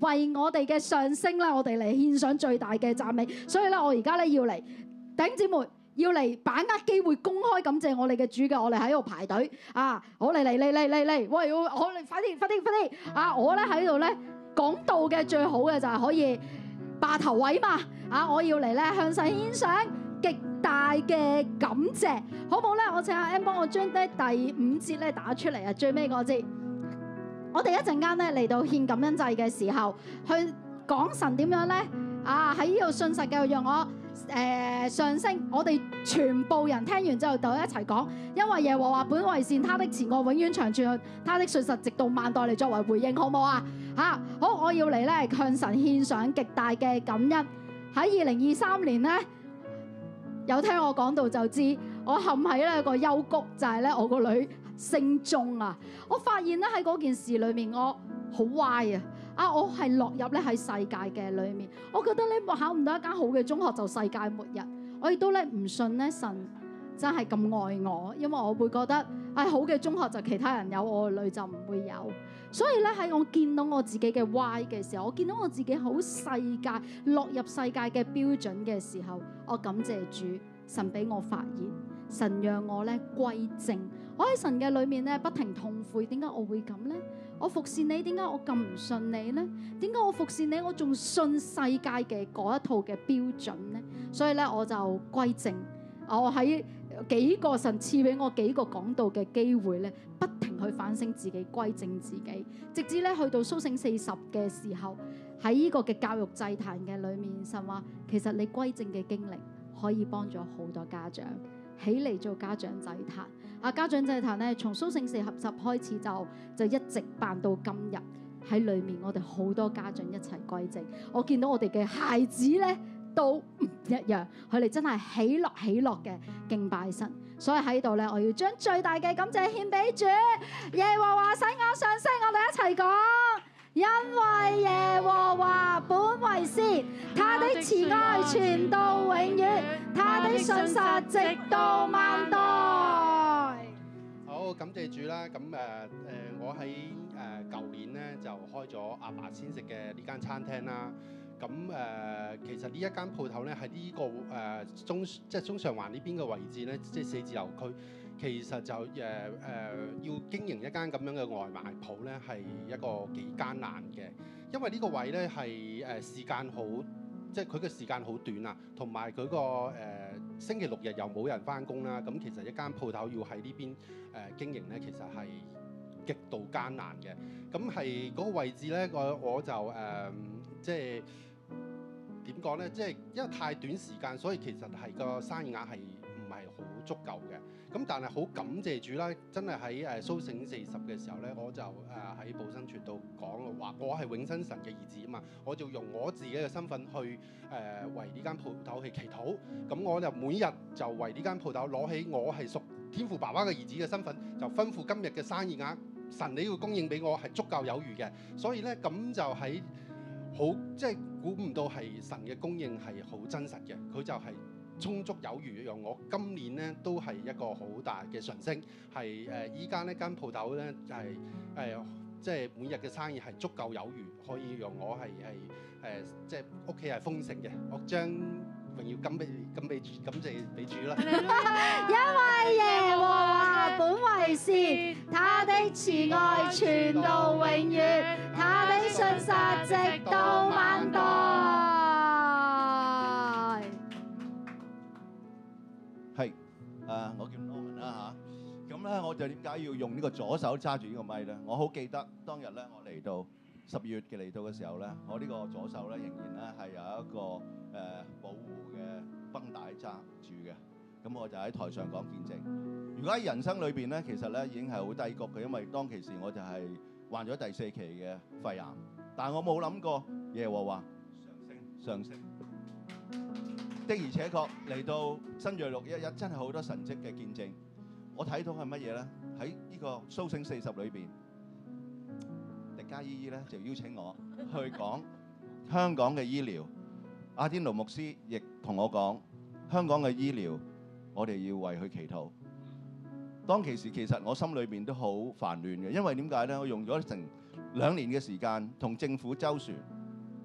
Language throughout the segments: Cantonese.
為我哋嘅上升咧，我哋嚟獻上最大嘅讚美。所以咧，我而家咧要嚟頂姊妹，要嚟把握機會公開感謝我哋嘅主嘅。我哋喺度排隊啊，好嚟嚟嚟嚟嚟嚟，我要我嚟快啲快啲快啲啊！我咧喺度咧講道嘅最好嘅就係可以霸頭位嘛啊！我要嚟咧向世獻上極大嘅感謝，好唔好咧？我請阿 M 幫我將啲第五節咧打出嚟啊，最尾嗰節。我哋一陣間咧嚟到獻感恩祭嘅時候，去講神點樣呢？啊！喺呢度信實嘅，讓我誒、呃、上升。我哋全部人聽完之後就一齊講，因為耶和華本為善，他的慈愛永遠長存，他的信實直到萬代嚟作為回應，好唔好啊？好！我要嚟咧向神獻上極大嘅感恩。喺二零二三年呢，有聽我講到就知，我陷喺呢個幽谷，就係、是、咧我個女兒。性縱啊！我發現咧喺嗰件事裏面，我好歪啊！啊，我係落入咧喺世界嘅裏面。我覺得咧，考唔到一間好嘅中學就世界末日。我亦都咧唔信咧，神真係咁愛我，因為我會覺得啊、哎，好嘅中學就其他人有，我嘅女就唔會有。所以咧，喺我見到我自己嘅歪嘅時候，我見到我自己好世界落入世界嘅標準嘅時候，我感謝主，神俾我發現，神讓我咧歸正。我喺神嘅裏面咧，不停痛悔，點解我會咁咧？我服侍你，點解我咁唔信你咧？點解我服侍你，我仲信世界嘅嗰一套嘅標準咧？所以咧，我就歸正。我喺幾個神賜俾我幾個講道嘅機會咧，不停去反省自己，歸正自己，直至咧去到蘇醒四十嘅時候，喺呢個嘅教育祭壇嘅裏面神話，其實你歸正嘅經歷可以幫咗好多家長。起嚟做家長祭壇，啊，家長祭壇咧，從蘇醒四合集開始就就一直辦到今日，喺裏面我哋好多家長一齊歸正，我見到我哋嘅孩子咧都唔一樣，佢哋真係喜樂喜樂嘅敬拜神，所以喺度咧，我要將最大嘅感謝獻俾主，耶和華使我上升，我哋一齊講。因為耶和華本為善，他的慈愛存到永遠，他的信實直到萬代。好，感謝主啦！咁誒誒，我喺誒舊年咧就開咗阿爸，爸先食嘅呢間餐廳啦。咁誒、呃，其實呢一間鋪頭咧喺呢個誒、呃、中，即、就、係、是、中上環呢邊嘅位置咧，即、就、係、是、寫字樓區。其實就誒誒、呃呃、要經營一間咁樣嘅外賣鋪咧，係一個幾艱難嘅，因為呢個位咧係誒時間好，即係佢嘅時間好短啊，同埋佢個誒星期六日又冇人返工啦。咁其實一間鋪頭要喺呢邊誒、呃、經營咧，其實係極度艱難嘅。咁係嗰個位置咧，我我就誒即係點講咧，即係因為太短時間，所以其實係個生意額係唔係好足夠嘅。咁但係好感謝主啦！真係喺誒甦醒四十嘅時候咧，我就誒喺保生傳度講話，我係永生神嘅兒子嘛！我就用我自己嘅身份去誒為呢間鋪頭去祈禱。咁我就每日就為呢間鋪頭攞起我係屬天父爸爸嘅兒子嘅身份，就吩咐今日嘅生意額，神你要供應俾我係足夠有餘嘅。所以呢，咁就係、是、好即係估唔到係神嘅供應係好真實嘅，佢就係、是。充足有餘，用我今年咧都係一個好大嘅上升，係誒依家呢間鋪頭咧係誒即係每日嘅生意係足夠有餘，可以讓我係係誒即係屋企係豐盛嘅，我將榮耀給俾給俾感謝你主啦。因為耶和華本為善，他的慈愛存到永遠，他的信實直到萬代。啦，我就點解要用呢個左手揸住呢個咪咧？我好記得當日咧，我嚟到十二月嘅嚟到嘅時候咧，我呢個左手咧仍然咧係有一個誒保護嘅繃帶揸住嘅。咁我就喺台上講見證。如果喺人生裏邊咧，其實咧已經係好低谷嘅，因為當其時我就係患咗第四期嘅肺癌。但我冇諗過耶和華上升，上升的而且確嚟到新銳六一一，真係好多神跡嘅見證。我睇到係乜嘢咧？喺呢個甦醒四十裏邊，狄嘉姨姨咧就邀請我去講香港嘅醫療。阿天奴牧師亦同我講香港嘅醫療，我哋要為佢祈禱。當其時其實我心裏邊都好煩亂嘅，因為點解咧？我用咗成兩年嘅時間同政府周旋，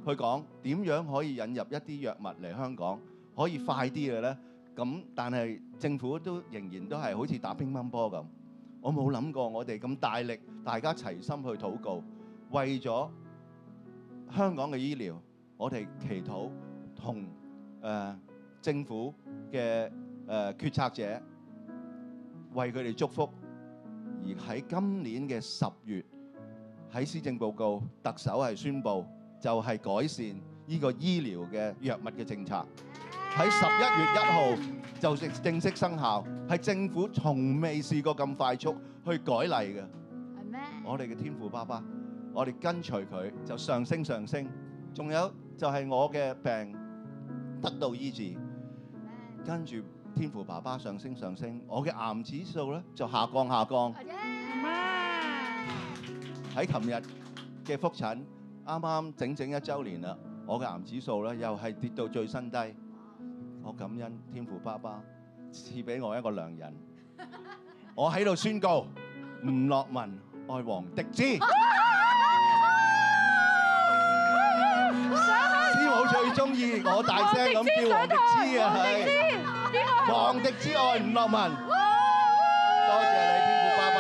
去講點樣可以引入一啲藥物嚟香港，可以快啲嘅咧。咁，但係政府都仍然都係好似打乒乓波咁，我冇諗過我哋咁大力，大家齊心去禱告，為咗香港嘅醫療，我哋祈禱同誒政府嘅誒決策者為佢哋祝福，而喺今年嘅十月喺施政報告，特首係宣佈就係改善呢個醫療嘅藥物嘅政策。喺十一月一號就正式生效，係政府從未試過咁快速去改例嘅。係咩？我哋嘅天父爸爸，我哋跟隨佢就上升上升。仲有就係我嘅病得到醫治。係咩？跟住天父爸爸上升上升，我嘅癌指數咧就下降下降。係呀。係咩？喺琴日嘅復診，啱啱整整一週年啦，我嘅癌指數咧又係跌到最新低。我感恩天父爸爸賜俾我一個良人，我喺度宣告吳樂文愛王迪之，師母最中意我大聲咁叫王迪之啊，王迪之愛吳樂文，多謝你天父爸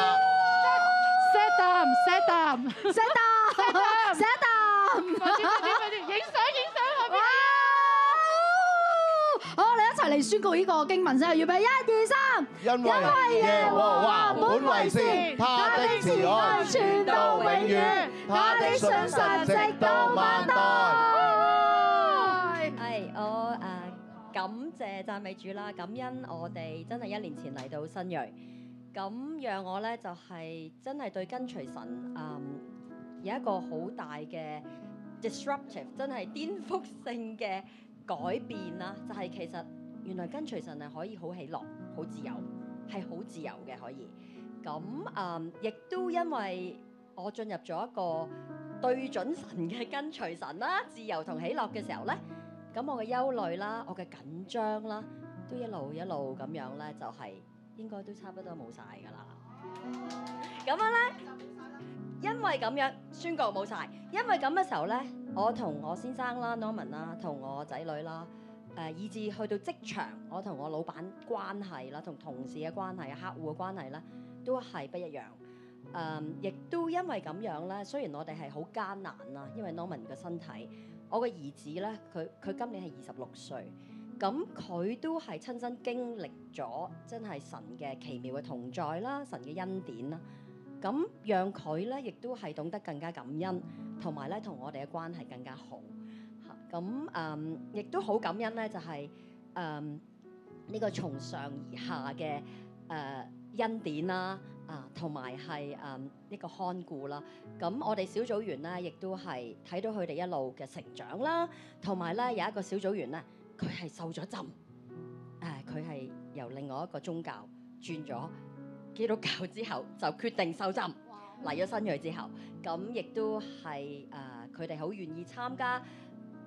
爸，set down set down set down set down，快啲快啲快啲影相！嚟宣告呢個經文先，準備一、二為、三，因為耶和華本為善，他的慈愛存到永遠，他的信實直到萬代。係為為我誒、uh, 感謝讚美主啦，感恩我哋真係一年前嚟到新銳，咁讓我咧就係、是、真係對跟隨神誒、um, 有一個好大嘅 disruptive，真係顛覆性嘅改變啦，就係、是、其實。原來跟隨神係可以好喜樂、好自由，係好自由嘅可以。咁啊、嗯，亦都因為我進入咗一個對準神嘅跟隨神啦，自由同喜樂嘅時候咧，咁我嘅憂慮啦、我嘅緊張啦，都一路一路咁樣咧、就係，就係應該都差不多冇晒㗎啦。咁、哦、樣咧，因為咁樣宣告冇晒，因為咁嘅時候咧，我同我先生啦、Norman 啦，同我仔女啦。誒，以至去到職場，我同我老闆關係啦，同同事嘅關係、客戶嘅關係啦，都係不一樣。誒、嗯，亦都因為咁樣咧，雖然我哋係好艱難啦，因為 Norman 嘅身體，我嘅兒子咧，佢佢今年係二十六歲，咁佢都係親身經歷咗，真係神嘅奇妙嘅同在啦，神嘅恩典啦，咁讓佢咧，亦都係懂得更加感恩，同埋咧，同我哋嘅關係更加好。咁誒，亦都好感恩咧，就係誒呢個從上而下嘅誒恩典啦，啊，同埋係誒呢個看顧啦。咁我哋小組員咧，亦都係睇到佢哋一路嘅成長啦，同埋咧，有一個小組員咧，佢係受咗浸誒，佢係由另外一個宗教轉咗基督教之後，就決定受浸，嚟咗新銳之後，咁亦都係誒佢哋好願意參加。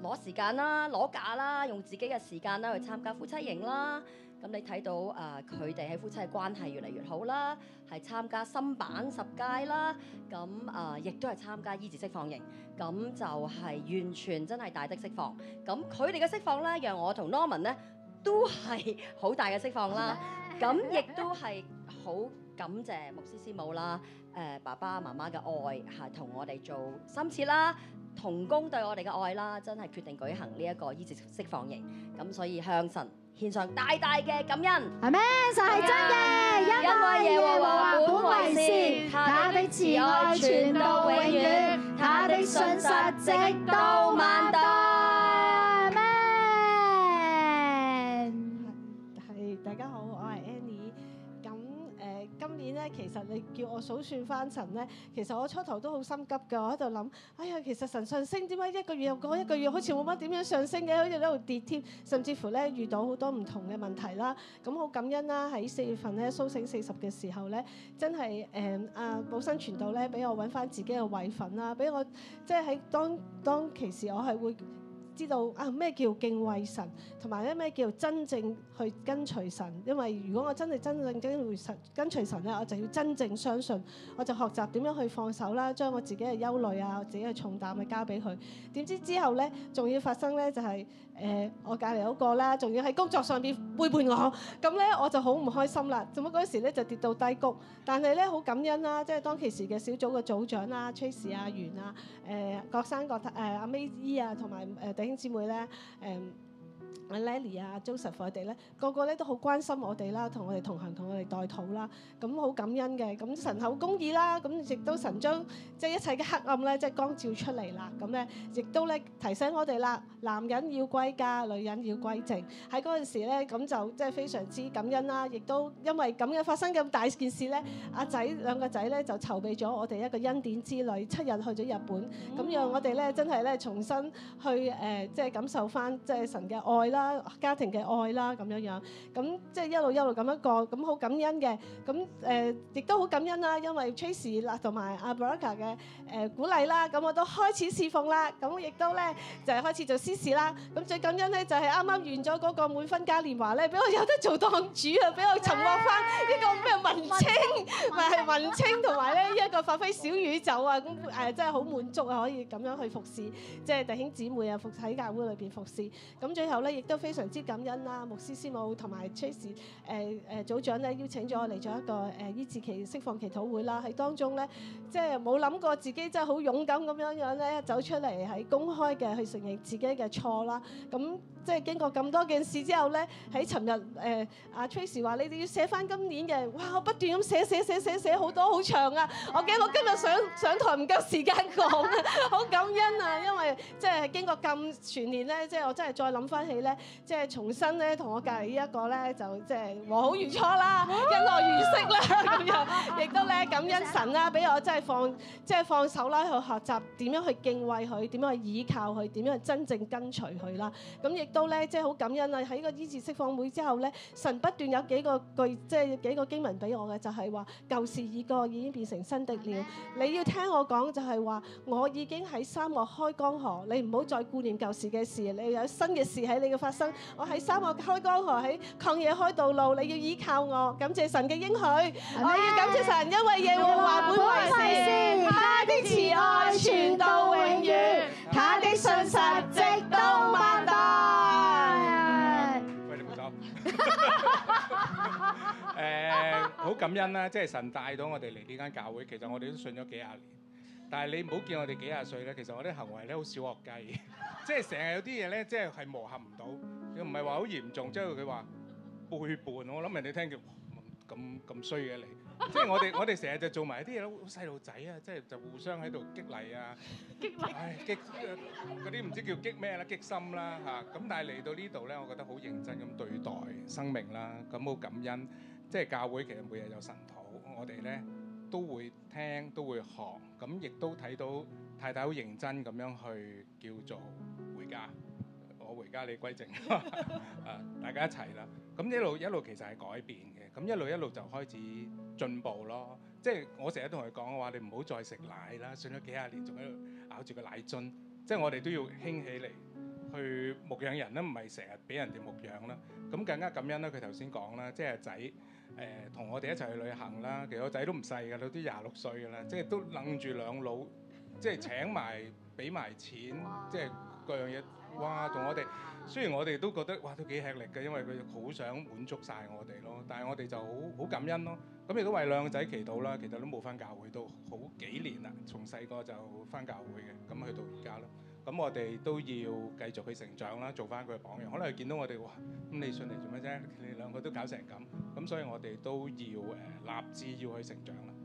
攞時間啦，攞假啦，用自己嘅時間啦去參加夫妻營啦。咁你睇到啊，佢哋喺夫妻嘅關係越嚟越好啦，係參加新版十階啦。咁啊、呃，亦都係參加醫治釋放營，咁就係完全真係大，大的釋放。咁佢哋嘅釋放咧，讓我同 Norman 咧都係好大嘅釋放啦。咁亦都係好。感謝牧師師母啦，誒爸爸媽媽嘅愛嚇同我哋做深切啦，同工對我哋嘅愛啦，真係決定舉行呢一個醫治釋放營，咁所以向神獻上大大嘅感恩，係咩？就係真嘅，因為耶和華本為善，他的慈愛存到永遠，他的信實直到萬代，咩？係。大家好，我係 Annie。今年咧，其實你叫我數算翻神咧，其實我初頭都好心急㗎，我喺度諗，哎呀，其實神上升點解一個月又過一個月，個月好似冇乜點樣上升嘅，好似喺度跌添，甚至乎咧遇到好多唔同嘅問題啦，咁好感恩啦！喺四月份咧甦醒四十嘅時候咧，真係誒、嗯、啊保生傳道咧俾我揾翻自己嘅位份啦，俾我即係喺當當其時我係會。知道啊咩叫敬畏神，同埋咧咩叫真正去跟隨神。因為如果我真係真正跟會神跟隨神咧，我就要真正相信，我就學習點樣去放手啦，將我自己嘅憂慮啊、我自己嘅重擔去交俾佢。點知之後咧，仲要發生咧就係、是。誒、呃，我隔離嗰個啦，仲要喺工作上邊背叛我，咁咧我就好唔開心啦。做乜嗰時咧就跌到低谷，但係咧好感恩啦、啊，即係當其時嘅小組嘅組長啦、啊、Trace 啊，袁啊，誒、呃、郭生郭誒阿 May 啊，同埋誒弟兄姊妹咧誒。呃阿 Lenny 啊，阿 Joseph 佢哋咧，個個咧都好關心我哋啦，同我哋同行，同我哋代禱啦，咁好感恩嘅。咁神厚公義啦，咁亦都神將即係一切嘅黑暗咧，即係光照出嚟啦。咁咧，亦都咧提醒我哋啦，男人要歸家，女人要歸正。喺陣時咧，咁就即係非常之感恩啦。亦都因為咁樣發生咁大件事咧，阿仔兩個仔咧就籌備咗我哋一個恩典之旅，七日去咗日本，咁讓我哋咧真係咧重新去誒即係感受翻即係神嘅愛啦。啦家庭嘅愛啦咁樣樣，咁即係一路一路咁樣過，咁好感恩嘅，咁誒亦都好感恩啦，因為 Tracy 啦同埋阿 Brother 嘅誒鼓勵啦，咁我都開始侍奉啦，咁亦都咧就係開始做詩士啦，咁最感恩咧就係啱啱完咗嗰個滿分嘉年華咧，俾我有得做檔主啊，俾我重獲翻一個咩文青，唔係文青同埋咧一個發揮小宇宙啊，咁誒真係好滿足啊，可以咁樣去服侍，即係弟兄姊妹啊，服喺教會裏邊服侍，咁最後咧亦都非常之感恩啦，牧師師母同埋崔 r a c e 組長咧邀請咗我嚟咗一個誒醫治期釋放祈禱會啦，喺當中咧即係冇諗過自己真係好勇敢咁樣樣咧走出嚟喺公開嘅去承認自己嘅錯啦，咁。即係經過咁多件事之後咧，喺尋日誒阿、呃、Tracy 話你哋要寫翻今年嘅，哇我不斷咁寫寫寫寫寫好多好長啊！我驚我今日上上台唔夠時間講，好 感恩啊！因為即係經過咁全年咧，即、就、係、是、我真係再諗翻起咧，即、就、係、是、重新咧同我隔離咧一個咧，就即係和好如初啦，恩愛 如昔啦咁樣，亦都咧感恩神啦，俾我真係放即係、就是、放手啦去學習點樣去敬畏佢，點樣去倚靠佢，點樣去，去真正跟隨佢啦，咁亦。都咧，即係好感恩啊。喺個醫治釋放會之後咧，神不斷有幾個句，即係幾個經文俾我嘅，就係話舊事已過已經變成新的了。Yes. 你要聽我講，就係話我已經喺沙漠開江河，你唔好再顧念舊時嘅事，你有新嘅事喺你嘅發生。Yes. 我喺沙漠開江河，喺曠野開道路，你要依靠我。感謝神嘅應許，Yes. 我要感謝神，因為耶和華本為善，他的慈愛，存到永遠，他 Yes. 的信實直到萬代。誒，好、 呃、感恩啦、啊！即係神帶到我哋嚟呢間教會，其實我哋都信咗幾廿年。但係你唔好見我哋幾廿歲咧，其實我啲行為咧好小學雞， 即係成日有啲嘢咧，即係係磨合唔到。又唔係話好嚴重，即係佢話背叛，我諗人哋聽住咁咁衰嘅你。 即係我哋， 我哋成日就做埋啲嘢咯，細路仔啊，即係就互相喺度激勵啊， 激勵，唉，激嗰啲唔知叫激咩啦，激心啦嚇。咁但係嚟到呢度咧，我覺得好認真咁對待生命啦，咁好感恩。即係教會其實每日有晨禱，我哋咧都會聽，都會學，咁亦都睇到太太好認真咁樣去叫做回家。我回家，你歸正，啊大家一齊啦，咁一路一路其實係改變嘅，咁一路一路就開始進步咯，即係我成日同佢講嘅話，你唔好再食奶啦，信咗幾廿年仲喺度咬住個奶樽，即係我哋都要興起嚟去牧養人啦，唔係成日俾人哋牧養啦，咁更加感恩啦，佢頭先講啦，即係仔誒同我哋一齊去旅行啦，其實我仔都唔細噶，佢都廿六歲噶啦，即係都楞住兩老，即係請埋俾埋錢，即係。各樣嘢，哇！同我哋雖然我哋都覺得哇都幾吃力嘅，因為佢好想滿足曬我哋咯，但係我哋就好好感恩咯。咁亦都為兩個仔祈禱啦。其實都冇翻教會都好幾年啦，從細個就翻教會嘅，咁去到而家咯。咁我哋都要繼續去成長啦，做翻佢嘅榜樣。可能見到我哋哇，咁你信嚟做咩啫？你兩個都搞成咁，咁所以我哋都要誒立志要去成長啦。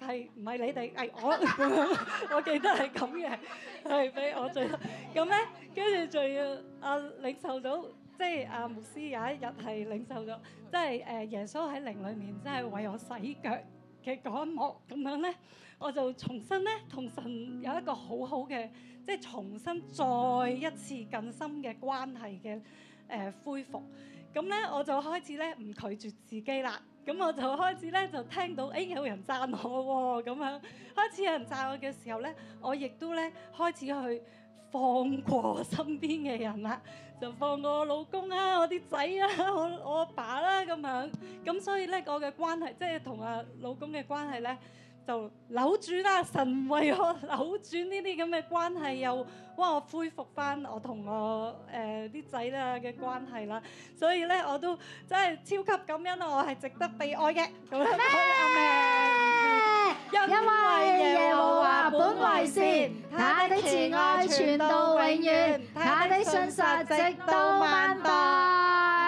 係唔係你哋？係、哎、我， 我記得係咁嘅，係俾我最多。咁咧，跟住仲要阿、啊、領受咗，即係阿、啊、牧師有一日係領受咗，即係誒耶穌喺靈裏面，真係為我洗腳嘅嗰一幕咁樣咧，我就重新咧同神有一個好好嘅，即係重新再一次更深嘅關係嘅誒、呃、恢復。咁咧，我就開始咧唔拒絕自己啦。咁我就開始咧就聽到，誒、欸、有人讚我喎、哦、咁樣，開始有人讚我嘅時候咧，我亦都咧開始去放過身邊嘅人啦，就放過我老公啊、我啲仔啊、我我阿爸啦咁、啊、樣。咁所以咧，我嘅關係即係同阿老公嘅關係咧，就扭轉啦！神為我扭轉呢啲咁嘅關係，又幫我恢復翻我同我誒啲仔啦嘅關係啦。所以咧，我都真係超級感恩咯！我係值得被愛嘅咁樣講啊！咩？因為耶和華本為善，他的慈愛存到永遠，他的信實直到萬代。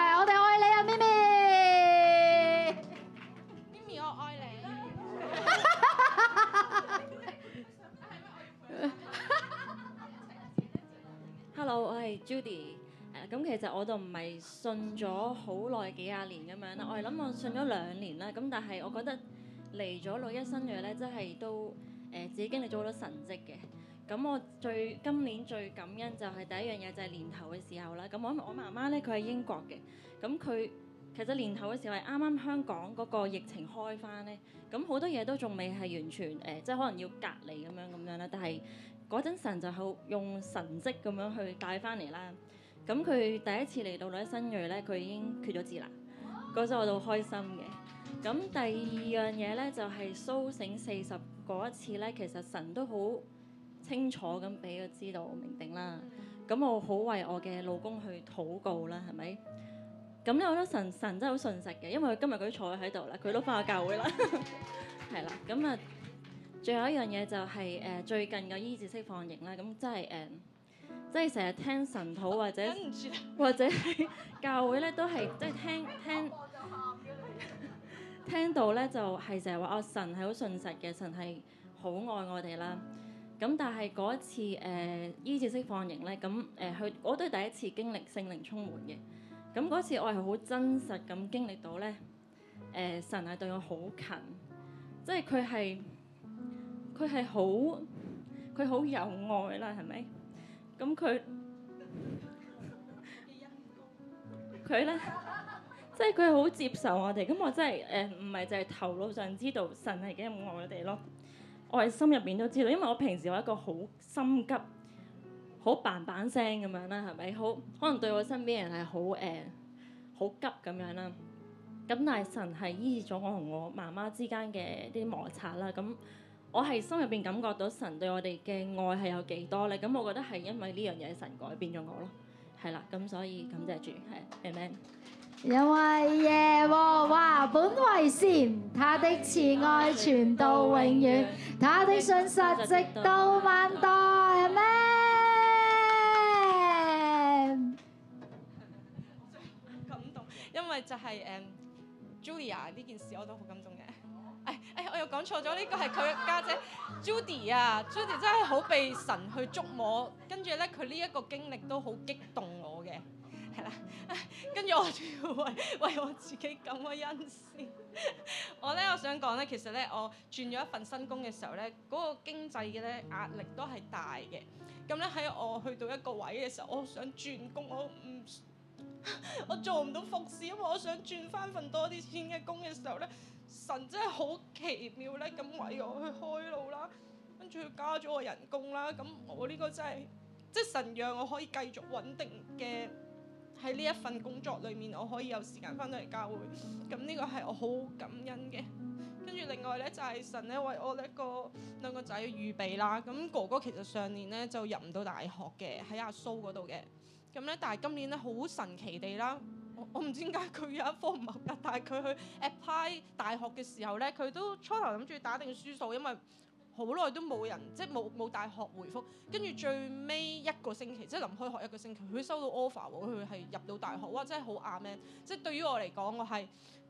Hello，我係 Judy。Uh，咁其實我就唔係信咗好耐幾廿年咁樣啦，mm hmm. 我係諗我信咗兩年啦。咁、mm hmm. 但係我覺得嚟咗老一生嘅咧，mm hmm. 真係都誒、呃、自己經歷咗好多神蹟嘅。咁我最今年最感恩就係第一樣嘢就係、是、年頭嘅時候啦。咁我我媽媽咧佢喺英國嘅，咁佢。其實年頭嘅時候係啱啱香港嗰個疫情開翻咧，咁好多嘢都仲未係完全誒、呃，即係可能要隔離咁樣咁樣啦。但係嗰陣神就好用神蹟咁樣去帶翻嚟啦。咁佢第一次嚟到女啲新銳咧，佢已經缺咗字啦。嗰陣我都開心嘅。咁第二樣嘢咧就係、是、甦醒四十嗰一次咧，其實神都好清楚咁俾佢知道命定啦。咁我好為我嘅老公去禱告啦，係咪？咁咧，我覺得神神真係好信實嘅，因為佢今日佢坐喺度啦，佢都翻咗教會啦，係 啦。咁啊，最後一樣嘢就係、是、誒、呃、最近嘅醫治式放影啦，咁真係誒，真係即係成日聽神譜或者或者係教會咧，都係即係聽聽 聽到咧，就係成日話哦，神係好信實嘅，神係好愛我哋啦。咁但係嗰一次誒醫治式放影咧，咁誒佢我都係第一次經歷聖靈充滿嘅。咁嗰次我係好真實咁經歷到咧，誒、呃、神係對我好近，即係佢係佢係好佢好有愛啦，係咪？咁佢佢咧，即係佢係好接受我哋，咁我真係誒唔係淨係頭腦上知道神係幾咁愛我哋咯，我喺心入邊都知道，因為我平時有一個好心急。好嘭嘭聲咁樣啦，係咪好？可能對我身邊人係好誒，好、呃、急咁樣啦。咁但係神係醫咗我同我媽媽之間嘅啲摩擦啦。咁我係心入邊感覺到神對我哋嘅愛係有幾多咧？咁我覺得係因為呢樣嘢神改變咗我咯。係啦，咁所以感謝主，係 Amen。因為耶和華本為善，他的慈愛存到永遠，他的信實直到萬代，Amen？因為就係、是、誒、um, Julia 呢件事我都好感動嘅、哎，誒、哎、誒我又講錯咗，呢、這個係佢家姐，姐 Judy 啊，Judy 真係好被神去捉摸，跟住咧佢呢一個經歷都好激動我嘅，係啦，跟住我仲要為為我自己咁嘅恩賜，我咧我想講咧，其實咧我轉咗一份新工嘅時候咧，嗰、那個經濟嘅咧壓力都係大嘅，咁咧喺我去到一個位嘅時候，我想轉工，我唔。 我做唔到服侍，因為我想轉翻份多啲錢嘅工嘅時候咧，神真係好奇妙咧，咁為我去開路啦，跟住加咗我人工啦，咁我呢個真係，即係神讓我可以繼續穩定嘅喺呢一份工作裏面，我可以有時間翻到嚟教會，咁呢個係我好感恩嘅。跟住另外咧就係神咧為我一個兩個仔預備啦，咁哥哥其實上年咧就入唔到大學嘅，喺阿蘇嗰度嘅。咁咧，但係今年咧好神奇地啦，我我唔知點解佢有一科唔合格，但係佢去 apply 大學嘅時候咧，佢都初頭諗住打定輸數，因為好耐都冇人，即係冇冇大學回覆。跟住最尾一個星期，即係臨開學一個星期，佢收到 offer，佢係入到大學。哇，真係好啱命！即係對於我嚟講，我係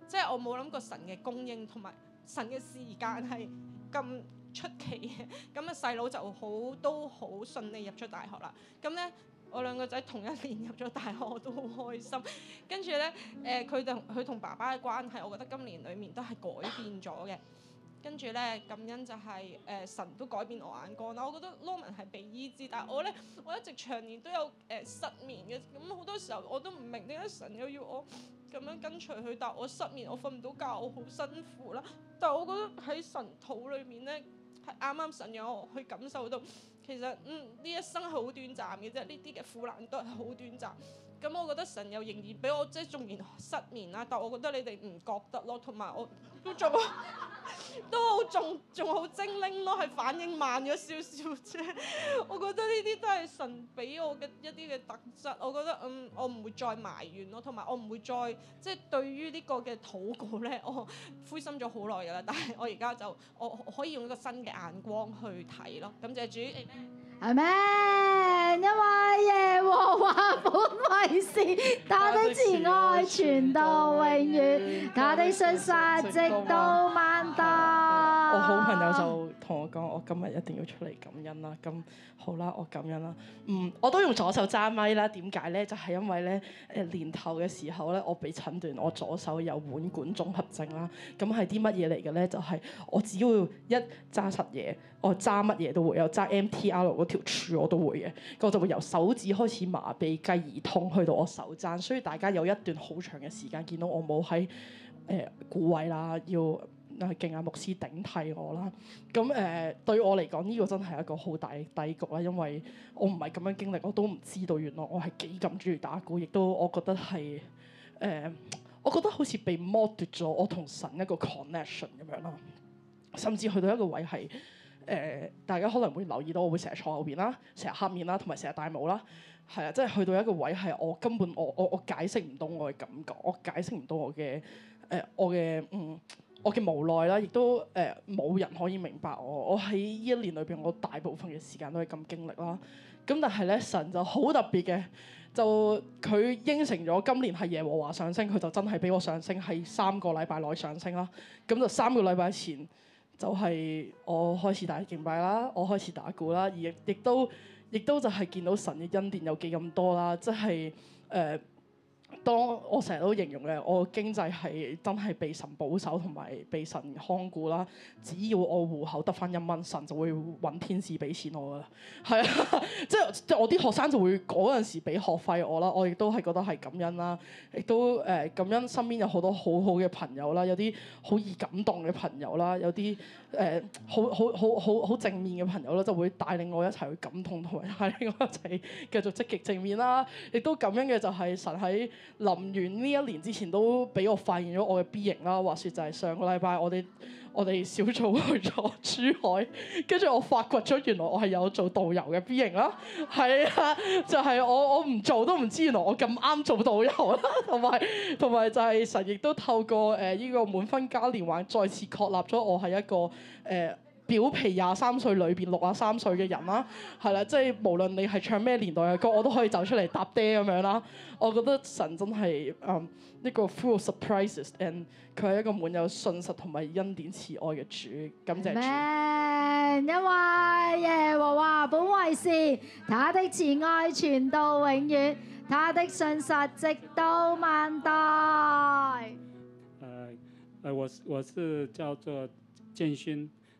即係我冇諗過神嘅供應同埋神嘅時間係咁出奇嘅。咁啊，細佬就好都好順利入咗大學啦。咁咧。我兩個仔同一年入咗大學，我都好開心。跟住呢，誒佢哋佢同爸爸嘅關係，我覺得今年裡面都係改變咗嘅。跟住呢，感恩就係、是、誒、呃、神都改變我眼光啦。我覺得 Norman 係被醫治，但係我呢，我一直長年都有誒、呃、失眠嘅，咁好多時候我都唔明點解神又要我咁樣跟隨佢，但我失眠，我瞓唔到覺，我好辛苦啦。但係我覺得喺神肚裏面呢，係啱啱神讓我去感受到。其實嗯，呢一生好短暫嘅啫，呢啲嘅苦難都係好短暫。咁我覺得神又仍然俾我即係仲然失眠啦，但我覺得你哋唔覺得咯，同埋我都做。 都好仲仲好精靈咯，係反應慢咗少少啫。我覺得呢啲都係神俾我嘅一啲嘅特質。我覺得嗯，我唔會再埋怨咯，同埋我唔會再即係對於呢個嘅禱告咧，我灰心咗好耐噶啦。但係我而家就我可以用一個新嘅眼光去睇咯。感謝主。阿們！因為耶和華本為善，他的慈愛存到永遠，是他的信實直到萬代。是 我好朋友就同我講，我今日一定要出嚟感恩啦。咁好啦，我感恩啦。嗯，我都用左手揸咪啦。點解呢？就係因為呢誒年頭嘅時候呢，我被診斷我左手有腕管綜合症啦。咁係啲乜嘢嚟嘅呢？就係我只要一揸實嘢，我揸乜嘢都會，有揸 MTR 嗰條柱我都會嘅。咁我就會由手指開始麻痹，繼而痛，去到我手踭。所以大家有一段好長嘅時間見到我冇喺誒鼓位啦，要。係敬亞牧師頂替我啦，咁誒、呃、對我嚟講呢個真係一個好大嘅低谷啦，因為我唔係咁樣經歷，我都唔知道原來我係幾咁中意打鼓，亦都我覺得係誒、呃，我覺得好似被剝奪咗我同神一個 connection 咁樣咯，甚至去到一個位係誒、呃，大家可能會留意到我會成日坐後邊啦，成日黑面啦，同埋成日戴帽啦，係啊，即係去到一個位係我根本我我我解釋唔到我嘅感覺，我解釋唔到我嘅誒、呃、我嘅嗯。我嘅無奈啦，亦都誒冇、呃、人可以明白我。我喺呢一年裏邊，我大部分嘅時間都係咁經歷啦。咁但係咧，神就好特別嘅，就佢應承咗今年係耶和華上升，佢就真係俾我上升，係三個禮拜內上升啦。咁就三個禮拜前就係、是、我開始大敬拜啦，我開始打鼓啦，而亦都亦都就係見到神嘅恩典有幾咁多啦，即係誒。呃。當我成日都形容嘅，我經濟係真係被神保守同埋被神看顧啦。只要我戶口得返一蚊，神就會揾天使俾錢我㗎啦。係啊， 即係即係我啲學生就會嗰陣時俾學費我啦。我亦都係覺得係感恩啦，亦都誒、呃、感恩身邊有好多好好嘅朋友啦，有啲好易感動嘅朋友啦，有啲誒、呃、好好好好好正面嘅朋友啦，就會帶領我一齊去感動同埋帶領我一齊繼續積極正面啦。亦都感恩嘅就係神喺。臨完呢一年之前都俾我發現咗我嘅 B 型啦，話説就係上個禮拜我哋我哋小組去咗珠海，跟住我發掘咗原來我係有做導遊嘅 B 型啦，係啊，就係、是、我我唔做都唔知，原來我咁啱做導遊啦，同埋同埋就係神亦都透過誒呢、呃這個滿分嘉年華再次確立咗我係一個誒。呃表皮廿三歲裡面，裏邊六啊三歲嘅人啦，係啦，即係無論你係唱咩年代嘅歌，我都可以走出嚟搭爹咁樣啦。我覺得神真係嗯、um, 一個 full surprises，and 佢係一個滿有信實同埋恩典慈愛嘅主。感謝主。因為耶和華本為善，他的慈愛存到永遠，他的信實直到萬代。誒誒、uh，我我係叫做建勳。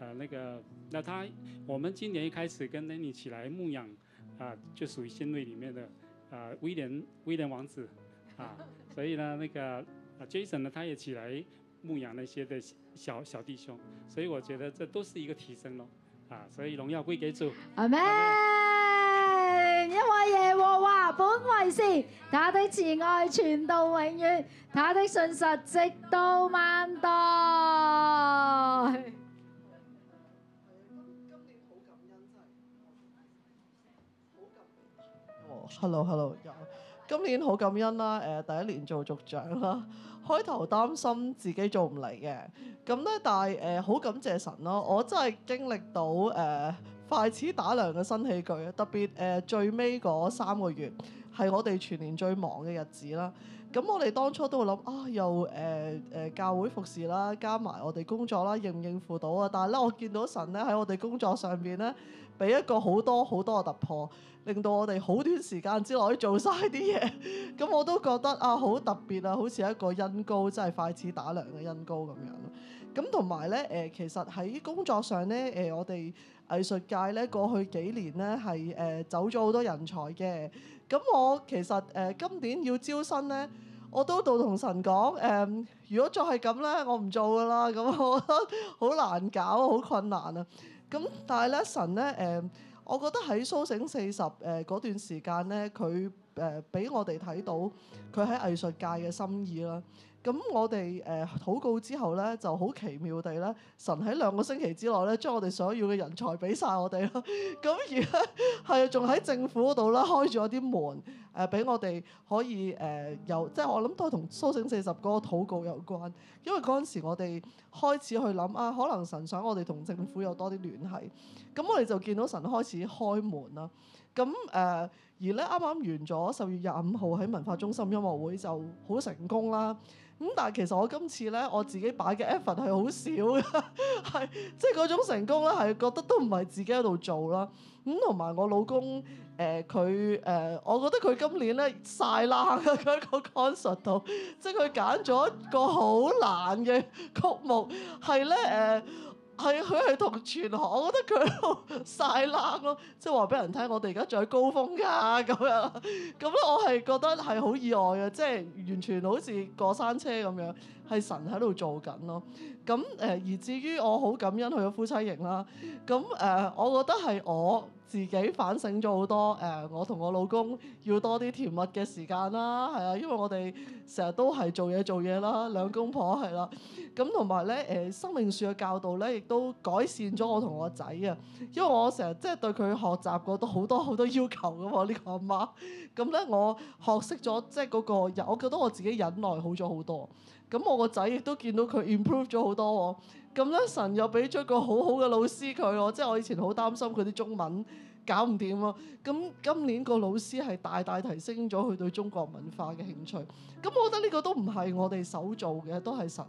啊，uh, 那個，那他，我們今年一開始跟 Nanny 起來牧養，啊、uh,，就屬於新銳裏面的，啊，威廉威廉王子，啊、uh,，所以呢，那個 Jason 呢、uh,，他也起來牧養那些的小小弟兄，所以我覺得這都是一個提升咯，啊、uh,，所以榮耀歸給主。阿們 Amen,、啊，因為耶和華本為善，他的慈愛傳到永遠，他的信實直到萬代。Hello，Hello，hello, 今年好感恩啦，誒、呃、第一年做族長啦，開頭擔心自己做唔嚟嘅，咁咧但係誒好感謝神咯，我真係經歷到誒筷子打量嘅新器具，特別誒、呃、最尾嗰三個月係我哋全年最忙嘅日子啦。咁我哋當初都會諗啊，又誒誒、呃呃、教會服侍啦，加埋我哋工作啦，應唔應付到啊？但係咧，我見到神咧喺我哋工作上邊咧。俾一個好多好多嘅突破，令到我哋好短時間之內做晒啲嘢，咁 我都覺得啊好特別啊，好似一個恩膏，真係筷子打糧嘅恩膏咁樣咯。咁同埋呢，誒、呃、其實喺工作上呢，誒、呃、我哋藝術界呢，過去幾年呢，係誒、呃、走咗好多人才嘅。咁我其實誒、呃、今年要招新呢，我都道同神講誒、呃，如果再係咁呢，我唔做噶啦，咁我覺得好難搞，好困難啊！咁但係呢，神呢，誒，我覺得喺蘇醒四十誒嗰段時間呢，佢誒俾我哋睇到佢喺藝術界嘅心意啦。咁我哋誒禱告之後咧，就好奇妙地咧，神喺兩個星期之內咧，將我哋想要嘅人才俾晒我哋咯。咁 而係仲喺政府嗰度啦，開咗啲門誒，俾、呃、我哋可以誒、呃、有，即係我諗都係同蘇醒四十嗰個禱告有關，因為嗰陣時我哋開始去諗啊，可能神想我哋同政府有多啲聯繫，咁我哋就見到神開始開門啦。咁誒、呃、而咧啱啱完咗十月廿五號喺文化中心音樂會就好成功啦。咁但係其實我今次咧，我自己擺嘅 effort 係好少㗎，係 即係嗰種成功咧，係覺得都唔係自己喺度做啦。咁同埋我老公誒佢誒，我覺得佢今年咧晒冷呀，佢喺嗰 個 concert 度，即係佢揀咗一個好難嘅曲目，係咧誒。呃係，佢係同全行，我覺得佢好曬冷咯，即係話俾人聽，我哋而家仲喺高峰㗎咁樣，咁咧我係覺得係好意外嘅，即係完全好似過山車咁樣，係神喺度做緊咯。咁誒、呃，而至於我好感恩佢嘅夫妻型啦。咁誒、呃，我覺得係我。自己反省咗好多，誒、呃，我同我老公要多啲甜蜜嘅時間啦，係啊，因為我哋成日都係做嘢做嘢啦，兩公婆係啦，咁同埋咧，誒、呃，生命樹嘅教導咧，亦都改善咗我同我仔啊，因為我成日即係對佢學習過都好多好多要求㗎嘛，呢個阿媽，咁咧我學識咗即係嗰個忍，我覺得我自己忍耐好咗好多，咁我個仔亦都見到佢 improve 咗好多喎。咁咧，神又俾咗個好好嘅老師佢咯，即係我以前好擔心佢啲中文搞唔掂咯。咁今年個老師係大大提升咗佢對中國文化嘅興趣。咁我覺得呢個都唔係我哋手做嘅，都係神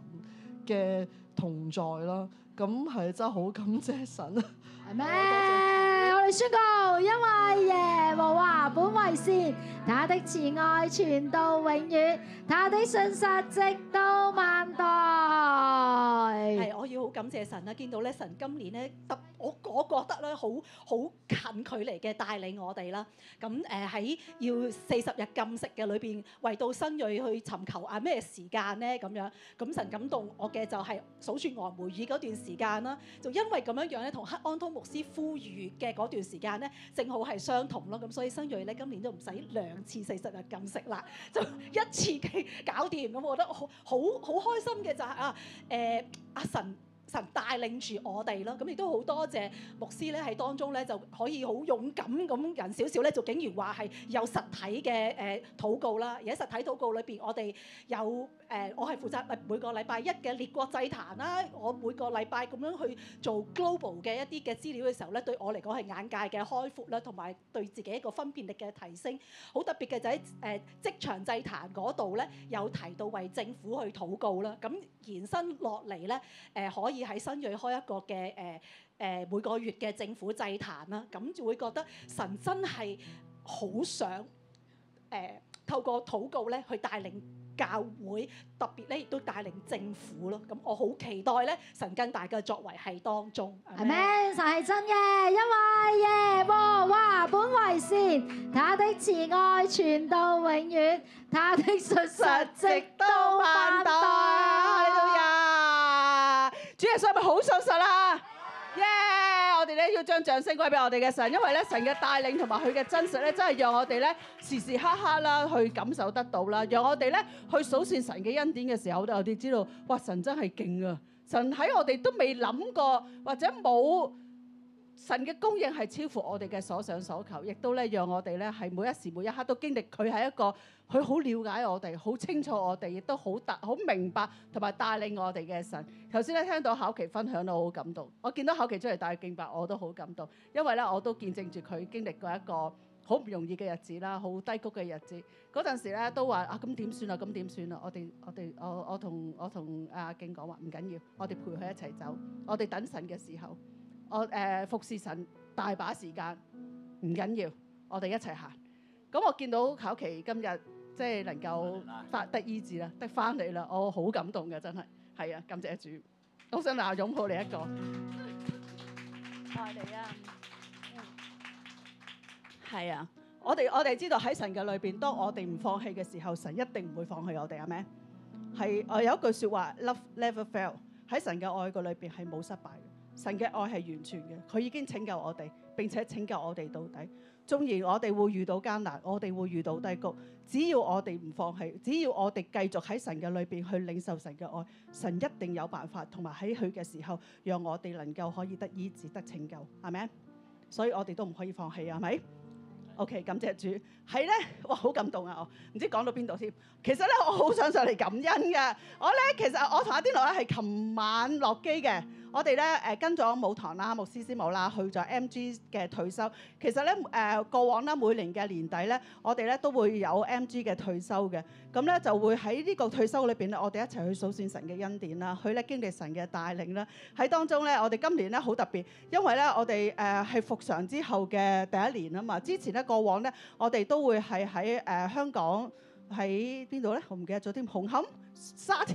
嘅同在啦。咁係真係好感謝神。好 Amen. 多謝！宣告，因為耶和華本為善，他的慈愛存到永遠，他的信實直到萬代。係，我要好感謝神啦！見到咧，神今年咧特我，我覺得咧好好近距離嘅帶領我哋啦。咁誒喺要四十日禁食嘅裏邊，為到新銳去尋求啊咩時間咧咁樣。咁神感動我嘅就係數住俄梅爾嗰段時間啦，就因為咁樣樣咧，同黑安托牧師呼籲嘅段時間咧，正好係相同咯，咁所以新銳咧今年都唔使兩次四十日禁食啦，就一次嘅搞掂，咁我覺得好好好開心嘅就係、是、啊誒阿、啊、神。神帶領住我哋啦，咁亦都好多謝牧師咧，喺當中咧就可以好勇敢咁，人少少咧就竟然話係有實體嘅誒禱告啦。而喺實體禱告裏邊，我哋有誒，我係負責誒每個禮拜一嘅列國祭壇啦。我每個禮拜咁樣去做 global 嘅一啲嘅資料嘅時候咧，對我嚟講係眼界嘅開闊啦，同埋對自己一個分辨力嘅提升。好特別嘅就喺誒職場祭壇嗰度咧，有提到為政府去禱告啦。咁延伸落嚟咧，誒可以。喺新銳開一個嘅誒誒每個月嘅政府祭壇啦，咁就會覺得神真係好想誒透過禱告咧去帶領教會，特別咧亦都帶領政府咯。咁我好期待咧神跟大家作為係當中。係咩？神係真嘅，因為耶和華本為善，他的慈愛存到永遠，他的信實直到萬代。主耶穌係咪好信實啦？耶、yeah！我哋咧要將掌聲歸俾我哋嘅神，因為咧神嘅帶領同埋佢嘅真實咧，真係讓我哋咧時時刻刻啦去感受得到啦，讓我哋咧去數算神嘅恩典嘅時候，都有啲知道，哇！神真係勁啊！神喺我哋都未諗過或者冇。神嘅供應係超乎我哋嘅所想所求，亦都咧讓我哋咧係每一時每一刻都經歷佢係一個佢好了解我哋，好清楚我哋，亦都好突好明白同埋帶領我哋嘅神。頭先咧聽到巧琪分享到好感動，我見到巧琪出嚟帶敬拜，我都好感動，因為咧我都見證住佢經歷過一個好唔容易嘅日子啦，好低谷嘅日子。嗰陣時咧都話啊，咁點算啊，咁點算啊！我哋我哋我我同我同阿、啊、敬講話唔緊要，我哋陪佢一齊走，我哋等神嘅時候。我誒服侍神大把時間，唔緊要，我哋一齊行。咁我見到巧琪今日即係能夠翻得醫治啦，得翻嚟啦，我好感動嘅真係，係啊，感謝主。我想嗱擁抱你一個，愛你啊！嗯，係啊，我哋我哋知道喺神嘅裏邊，當我哋唔放棄嘅時候，神一定唔會放棄我哋，啊咩？係，我有一句説話，Love never fail。喺神嘅愛嘅裏邊係冇失敗。神嘅愛係完全嘅，佢已經拯救我哋，並且拯救我哋到底。縱然我哋會遇到艱難，我哋會遇到低谷，只要我哋唔放棄，只要我哋繼續喺神嘅裏邊去領受神嘅愛，神一定有辦法，同埋喺佢嘅時候，讓我哋能夠可以得以值得拯救，係咪？所以我哋都唔可以放棄啊，係咪？OK，感謝主。係咧，哇，好感動啊！我唔知講到邊度先。其實咧，我好想上嚟感恩㗎。我咧，其實我同阿天龍咧係琴晚落機嘅。我哋咧誒跟咗母堂啦、牧師師母啦，去咗 M G 嘅退休。其實咧誒、呃、過往啦，每年嘅年底咧，我哋咧都會有 M G 嘅退休嘅。咁咧就會喺呢個退休裏邊咧，我哋一齊去數算神嘅恩典啦，去咧經歷神嘅帶領啦。喺當中咧，我哋今年咧好特別，因為咧我哋誒係復常之後嘅第一年啊嘛。之前咧過往咧，我哋都會係喺誒香港喺邊度咧？我唔記得咗添，紅磡。沙田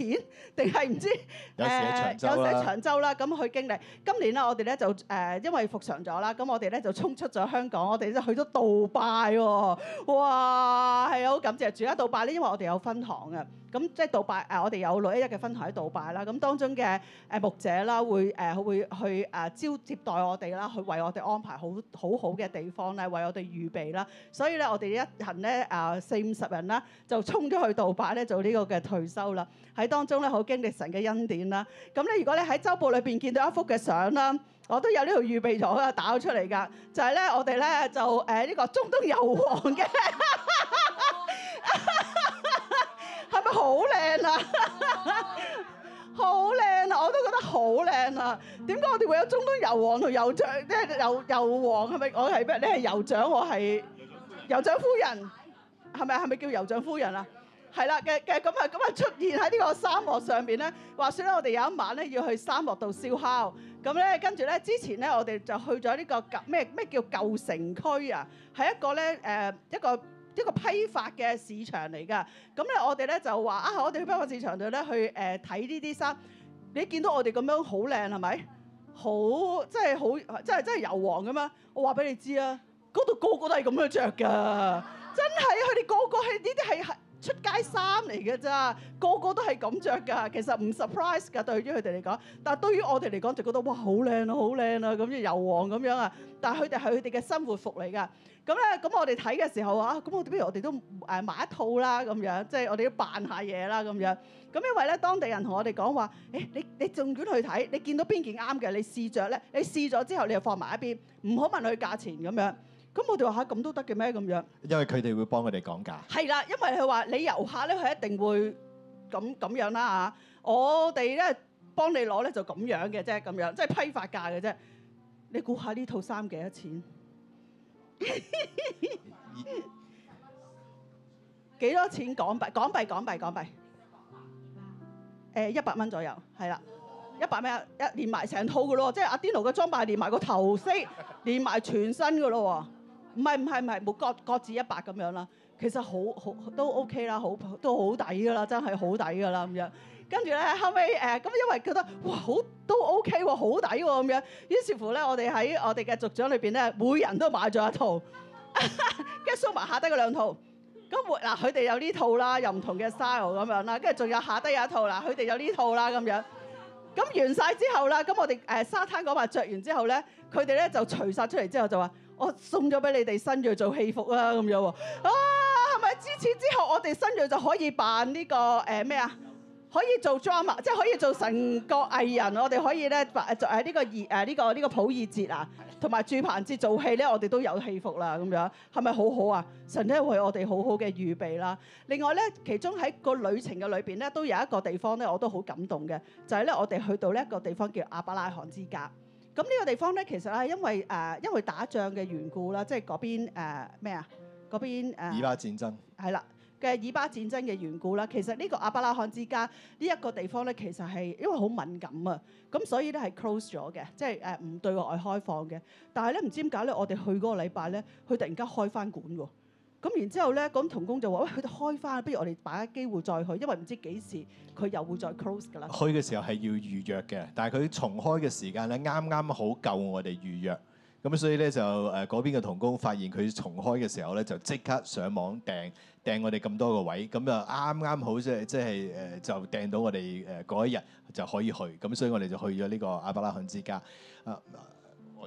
定係唔知誒、呃，有寫長洲啦，咁去經歷。今年咧，我哋咧就誒，因為復常咗啦，咁我哋咧就衝出咗香港，我哋咧去咗杜拜喎、哦。哇，係好感謝住。住、啊、喺杜拜咧，因為我哋有分堂。啊。咁即係杜拜誒、啊，我哋有六一一嘅分台喺杜拜啦。咁、啊、當中嘅誒、啊、牧者啦、啊，會誒、啊、會去誒、啊、招接待我哋啦，去為我哋安排好好好嘅地方啦，為我哋、啊、預備啦、啊。所以咧，我哋一行咧誒、啊、四五十人啦、啊，就衝咗去杜拜咧、啊、做呢個嘅退休啦。喺、啊、當中咧，好經歷神嘅恩典啦。咁、啊、咧、啊，如果咧喺周報裏邊見到一幅嘅相啦，我都有呢條預備咗嘅打咗出嚟㗎，就係、是、咧我哋咧就誒呢、啊這個中東油王嘅。 係咪好靚啊？好靚啊！我都覺得好靚啊！點解我哋會有中東油王同酋長？即係油油王係咪？我係咩？你係酋長，我係酋長夫人，係咪？係咪叫酋長夫人啊？係啦，嘅嘅咁啊咁啊出現喺呢個沙漠上邊咧。話說咧，我哋有一晚咧要去沙漠度燒烤。咁咧跟住咧，之前咧我哋就去咗呢個舊咩咩叫舊城區啊？係一個咧誒一個。一個批發嘅市場嚟噶，咁咧我哋咧就話啊，我哋去批發市場度咧去誒睇呢啲衫。你見到我哋咁樣好靚係咪？好即係好，即係即係遊王咁樣。我話俾你知啊，嗰度個個都係咁樣着噶，真係佢哋個個係呢啲係出街衫嚟嘅咋，個個都係咁着噶。其實唔 surprise 㗎，對於佢哋嚟講，但對於我哋嚟講就覺得哇好靚啊，好靚啊，咁嘅遊王咁樣啊。樣樣，但係佢哋係佢哋嘅生活服嚟㗎。咁咧，咁我哋睇嘅時候啊，咁我哋不如我哋都誒買一套啦，咁樣，即係我哋都扮下嘢啦，咁樣。咁因為咧，當地人同我哋講話，誒、欸，你你儘管去睇，你見到邊件啱嘅，你試着咧，你試咗之後，你又放埋一邊，唔好問佢價錢咁樣。咁我哋話下，咁都得嘅咩？咁樣。因為佢哋會幫佢哋講價。係啦，因為佢話你遊客咧，佢一定會咁咁樣啦嚇、啊。我哋咧幫你攞咧就咁樣嘅啫，咁樣，即係批發價嘅啫。你估下呢套衫幾多錢？幾 多錢，港幣？港幣港幣港幣，港幣誒，一百蚊左右，係啦，一百蚊一連埋成套嘅咯，即係阿 Dino 嘅裝扮連埋個頭飾， 連埋全身嘅咯，唔係唔係唔係，各各自一百咁樣啦，其實好好都 OK 啦，好都好抵噶啦，真係好抵噶啦咁樣。 跟住咧，後尾，誒、呃、咁，因為覺得哇好都 OK 喎，哦，好抵喎咁樣，於是乎咧，我哋喺我哋嘅族長裏邊咧，每人都買咗一套，跟住收埋下低嗰兩套，咁每嗱佢哋有呢套啦，又唔同嘅 style 咁樣啦，跟住仲有下低有一套嗱，佢哋有呢套啦咁樣，咁完晒之後啦，咁我哋誒沙灘嗰 part 着完之後咧，佢哋咧就除晒出嚟之後就話：我送咗俾你哋新銳做戲服啊咁樣喎！啊，係咪至此之後我哋新銳就可以扮呢、這個誒咩啊？呃可以做 drama，即係可以做神國藝人，我哋可以咧，誒、啊、呢、這個二呢、啊這個呢、啊這個普爾節啊，同埋住棚節做戲咧，我哋都有戲服啦，咁樣係咪好好啊？神呢為我哋好好嘅預備啦。另外咧，其中喺個旅程嘅裏邊咧，都有一個地方咧，我都好感動嘅，就係、是、咧，我哋去到呢一個地方叫亞伯拉罕之家。咁呢個地方咧，其實咧，因為誒、呃、因為打仗嘅緣故啦，即係嗰邊咩啊，嗰、呃、邊、呃、以巴戰爭。啦。嘅以巴戰爭嘅緣故啦，其實呢個阿伯拉罕之家呢一個地方咧，其實係因為好敏感啊，咁所以咧係 close 咗嘅，即係誒唔對外開放嘅。但係咧唔知點解咧，我哋去嗰個禮拜咧，佢突然間開翻館喎。咁然之後咧，咁童工就話：喂，佢哋開翻，不如我哋把握機會再去，因為唔知幾時佢又會再 close 㗎啦。去嘅時候係要預約嘅，但係佢重開嘅時間咧，啱啱好夠我哋預約咁，所以咧就誒嗰邊嘅童工發現佢重開嘅時候咧，就即刻上網訂。掟我哋咁多個位，咁啊啱啱好即係即係誒，就掟到我哋誒嗰一日就可以去，咁所以我哋就去咗呢個亞伯拉罕之家。啊！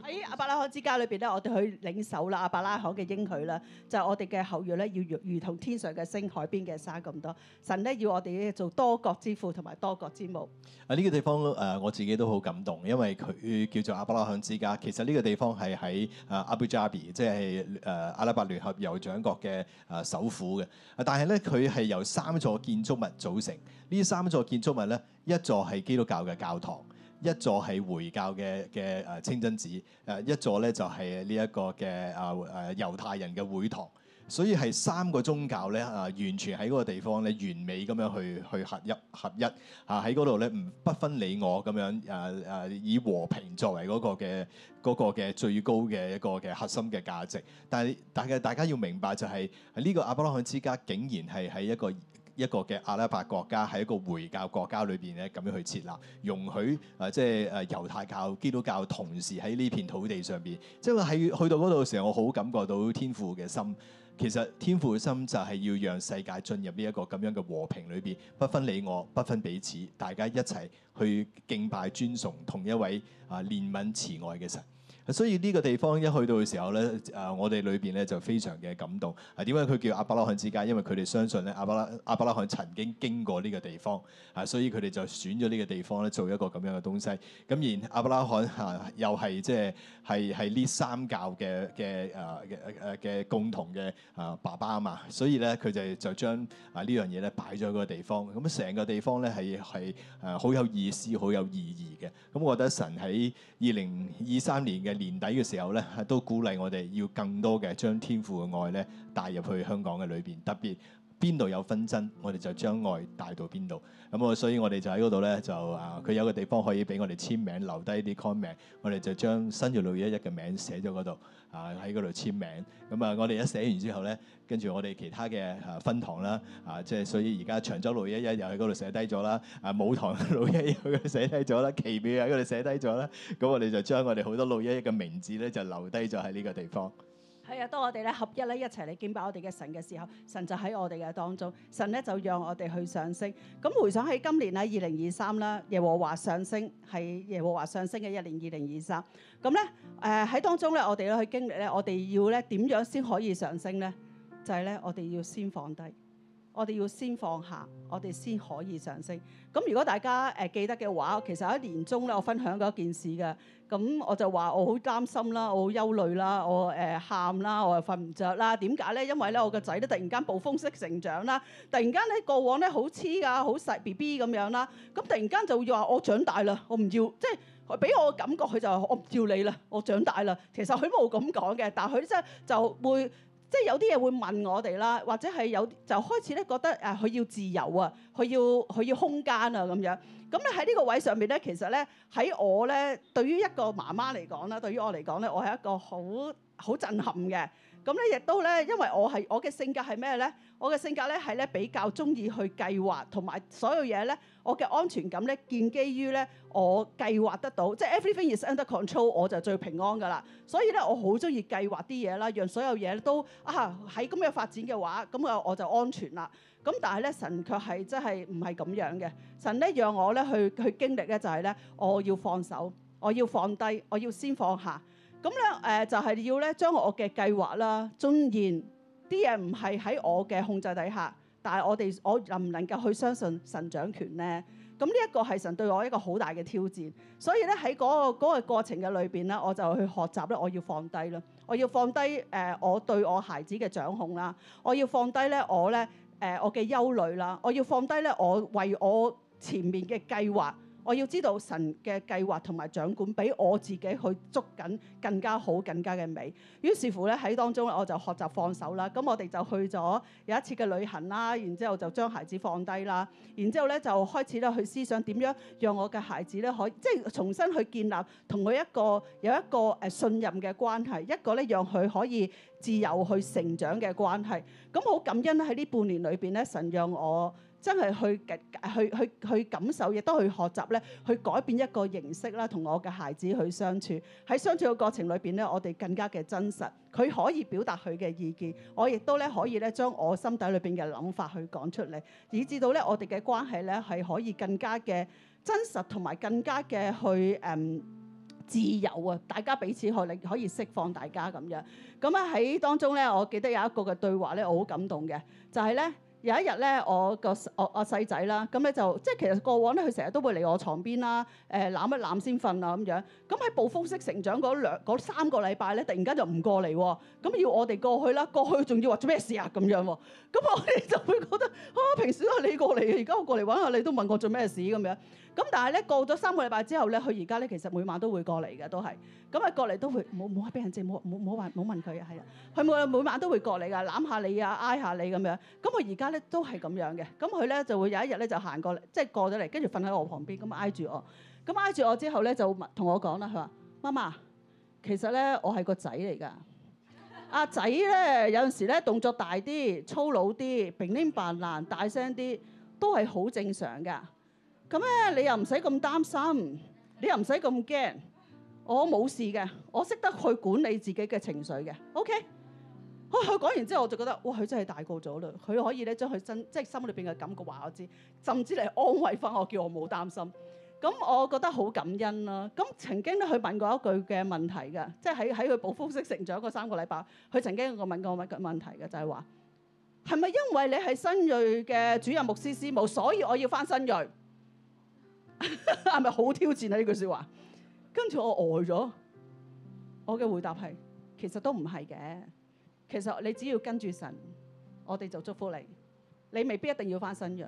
喺阿伯拉罕之家裏邊咧，我哋去領受啦阿伯拉罕嘅應許啦，就係、是、我哋嘅後裔咧，要如同天上嘅星、海邊嘅沙咁多。神咧要我哋做多國之父同埋多國之母。啊，呢、這個地方誒、呃，我自己都好感動，因為佢叫做阿伯拉罕之家。其實呢個地方係喺阿布扎比，即係誒阿拉伯聯合酋長國嘅誒、呃、首府嘅。但係咧佢係由三座建築物組成，呢三座建築物咧，一座係基督教嘅教堂。一座係回教嘅嘅誒清真寺，誒一座咧就係呢一個嘅啊誒猶太人嘅會堂，所以係三個宗教咧啊，完全喺嗰個地方咧完美咁樣去去合一合一啊喺嗰度咧唔不分你我咁樣誒誒，以和平作為嗰個嘅嗰個嘅最高嘅一個嘅核心嘅價值。但係大嘅大家要明白就係係呢個亞伯拉罕之家竟然係喺一個。一個嘅阿拉伯國家喺一個回教國家裏邊咧，咁樣去設立容許誒，即係誒猶太教、基督教同時喺呢片土地上邊，即係喺去到嗰度嘅時候，我好感覺到天父嘅心。其實天父嘅心就係要讓世界進入呢一個咁樣嘅和平裏邊，不分你我，不分彼此，大家一齊去敬拜尊崇同一位啊憐憫慈愛嘅神。所以呢個地方一去到嘅時候咧，誒、呃、我哋裏邊咧就非常嘅感動啊，點解佢叫阿伯拉罕之家？因為佢哋相信咧，阿伯拉阿伯拉罕曾經經過呢個地方，啊，所以佢哋就選咗呢個地方咧做一個咁樣嘅東西。咁、啊、然阿伯拉罕吓、啊、又係即係係係呢三教嘅嘅誒誒嘅共同嘅誒、啊、爸爸啊嘛，所以咧佢就就將啊呢樣嘢咧擺咗個地方。咁、啊、成個地方咧係係誒好有意思、好有意義嘅。咁、啊、我覺得神喺二零二三年嘅。年底嘅時候呢都鼓勵我哋要更多嘅將天父嘅愛呢帶入去香港嘅裏邊，特別，邊度有紛爭，我哋就將愛帶到邊度。咁我，所以我哋就喺嗰度呢，就啊，佢有個地方可以俾我哋簽名，留低啲 comment。我哋就將新銳611嘅名寫咗嗰度，啊喺嗰度簽名。咁啊，我哋一寫完之後呢，跟住我哋其他嘅分堂啦，啊，即係所以而家長洲611又喺嗰度寫低咗啦，啊，舞堂611寫低咗啦，奇妙喺嗰度寫低咗啦。咁我哋就將我哋好多611嘅名字呢，就留低咗喺呢個地方。係當我哋合一一齊嚟敬拜我哋嘅神嘅時候，神就喺我哋嘅當中，神咧就讓我哋去上升。咁回想喺今年啊，二零二三啦，耶和華上升，係耶和華上升嘅一年，二零二三。咁咧，呃，喺當中咧，我哋去經歷咧，我哋要咧點樣先可以上升呢？就係咧，我哋要先放低。我哋要先放下，我哋先可以上升。咁如果大家誒、呃、記得嘅話，其實喺年中咧，我分享過一件事嘅。咁我就話我好擔心啦，我好憂慮啦，我誒喊、呃、啦，我又瞓唔着啦。點解咧？因為咧，我個仔咧突然間暴風式成長啦，突然間咧過往咧好黐㗎，好細 B B 咁樣啦，咁突然間就要話我長大啦，我唔要，即係佢俾我感覺佢就話我唔要你啦，我長大啦。其實佢冇咁講嘅，但係佢真係就會。即係有啲嘢會問我哋啦，或者係有就開始咧覺得誒佢要自由啊，佢要佢要空間啊咁樣。咁咧喺呢個位上面咧，其實咧喺我咧對於一個媽媽嚟講啦，對於我嚟講咧，我係一個好好震撼嘅。咁咧亦都咧，因為我係我嘅性格係咩咧？我嘅性格咧係咧比較中意去計劃，同埋所有嘢咧，我嘅安全感咧建基於咧我計劃得到，即係 everything is under control，我就最平安噶啦。所以咧，我好中意計劃啲嘢啦，讓所有嘢都啊喺咁嘅發展嘅話，咁啊我就安全啦。咁但係咧，神卻係真係唔係咁樣嘅。神咧讓我咧去去經歷咧，就係咧我要放手，我要放低，我要先放下。咁咧，誒、呃、就係、是、要咧將我嘅計劃啦、雖然啲嘢唔係喺我嘅控制底下，但係我哋我能唔能夠去相信神掌權咧？咁呢一個係神對我一個好大嘅挑戰。所以咧喺嗰個嗰、那個、過程嘅裏邊咧，我就去學習咧，我要放低啦，我要放低誒、呃、我對我孩子嘅掌控啦，我要放低咧我咧誒、呃、我嘅憂慮啦，我要放低咧我為我前面嘅計劃。我要知道神嘅計劃同埋掌管，俾我自己去捉緊更加好、更加嘅美。於是乎咧喺當中咧，我就學習放手啦。咁我哋就去咗有一次嘅旅行啦，然之後就將孩子放低啦，然之後咧就開始咧去思想點樣讓我嘅孩子咧可以即係重新去建立同佢一個有一個誒信任嘅關係，一個咧讓佢可以自由去成長嘅關係。咁我好感恩喺呢半年裏邊咧，神讓我。真係去感去去去，去感受，亦都去學習咧，去改變一個形式啦，同我嘅孩子去相處。喺相處嘅過程裏邊咧，我哋更加嘅真實。佢可以表達佢嘅意見，我亦都咧可以咧將我心底裏邊嘅諗法去講出嚟，以至到咧我哋嘅關係咧係可以更加嘅真實，同埋更加嘅去誒、嗯、自由啊！大家彼此可以可以釋放大家咁樣。咁啊喺當中咧，我記得有一個嘅對話咧，我好感動嘅，就係、是、咧。有一日咧，我個我阿細仔啦，咁咧就即係其實過往咧，佢成日都會嚟我床邊啦，誒、呃、攬一攬先瞓啊咁樣。咁喺暴風式成長嗰兩嗰三個禮拜咧，突然間就唔過嚟喎。咁要我哋過去啦，過去仲要話做咩事啊咁樣喎。咁我哋就會覺得啊，平時都係你過嚟嘅，而家我過嚟揾下你都問我做咩事咁樣。咁但係咧過咗三個禮拜之後咧，佢而家咧其實每晚都會過嚟嘅，都係咁啊，過嚟都會冇冇話畀人知，冇冇冇話冇問佢啊，係啊，佢每每晚都會過嚟噶，攬下你啊，挨下你咁樣。咁我而家咧都係咁樣嘅。咁佢咧就會有一日咧就行過嚟，即係過咗嚟，跟住瞓喺我旁邊，咁挨住我。咁挨住我之後咧就同我講啦，佢話：媽媽，其實咧我係個仔嚟㗎。阿仔咧有陣時咧動作大啲、粗魯啲、平亂扮爛、大聲啲，都係好正常㗎。咁咧，你又唔使咁擔心，你又唔使咁驚。我冇事嘅，我識得去管理自己嘅情緒嘅。OK。啊，佢講完之後，我就覺得哇，佢真係大個咗啦。佢可以咧將佢真即係心裏邊嘅感覺話我知，甚至嚟安慰翻我，叫我冇擔心。咁我覺得好感恩啦。咁曾經咧，佢問過一句嘅問題嘅，即係喺喺佢報復式成長嗰三個禮拜，佢曾經我問過問嘅問題嘅就係話：係咪因為你係新銳嘅主任牧師師母，所以我要翻新銳？係咪好挑戰啊？呢句說話，跟住我呆咗。我嘅回答係，其實都唔係嘅。其實你只要跟住神，我哋就祝福你。你未必一定要返新銳。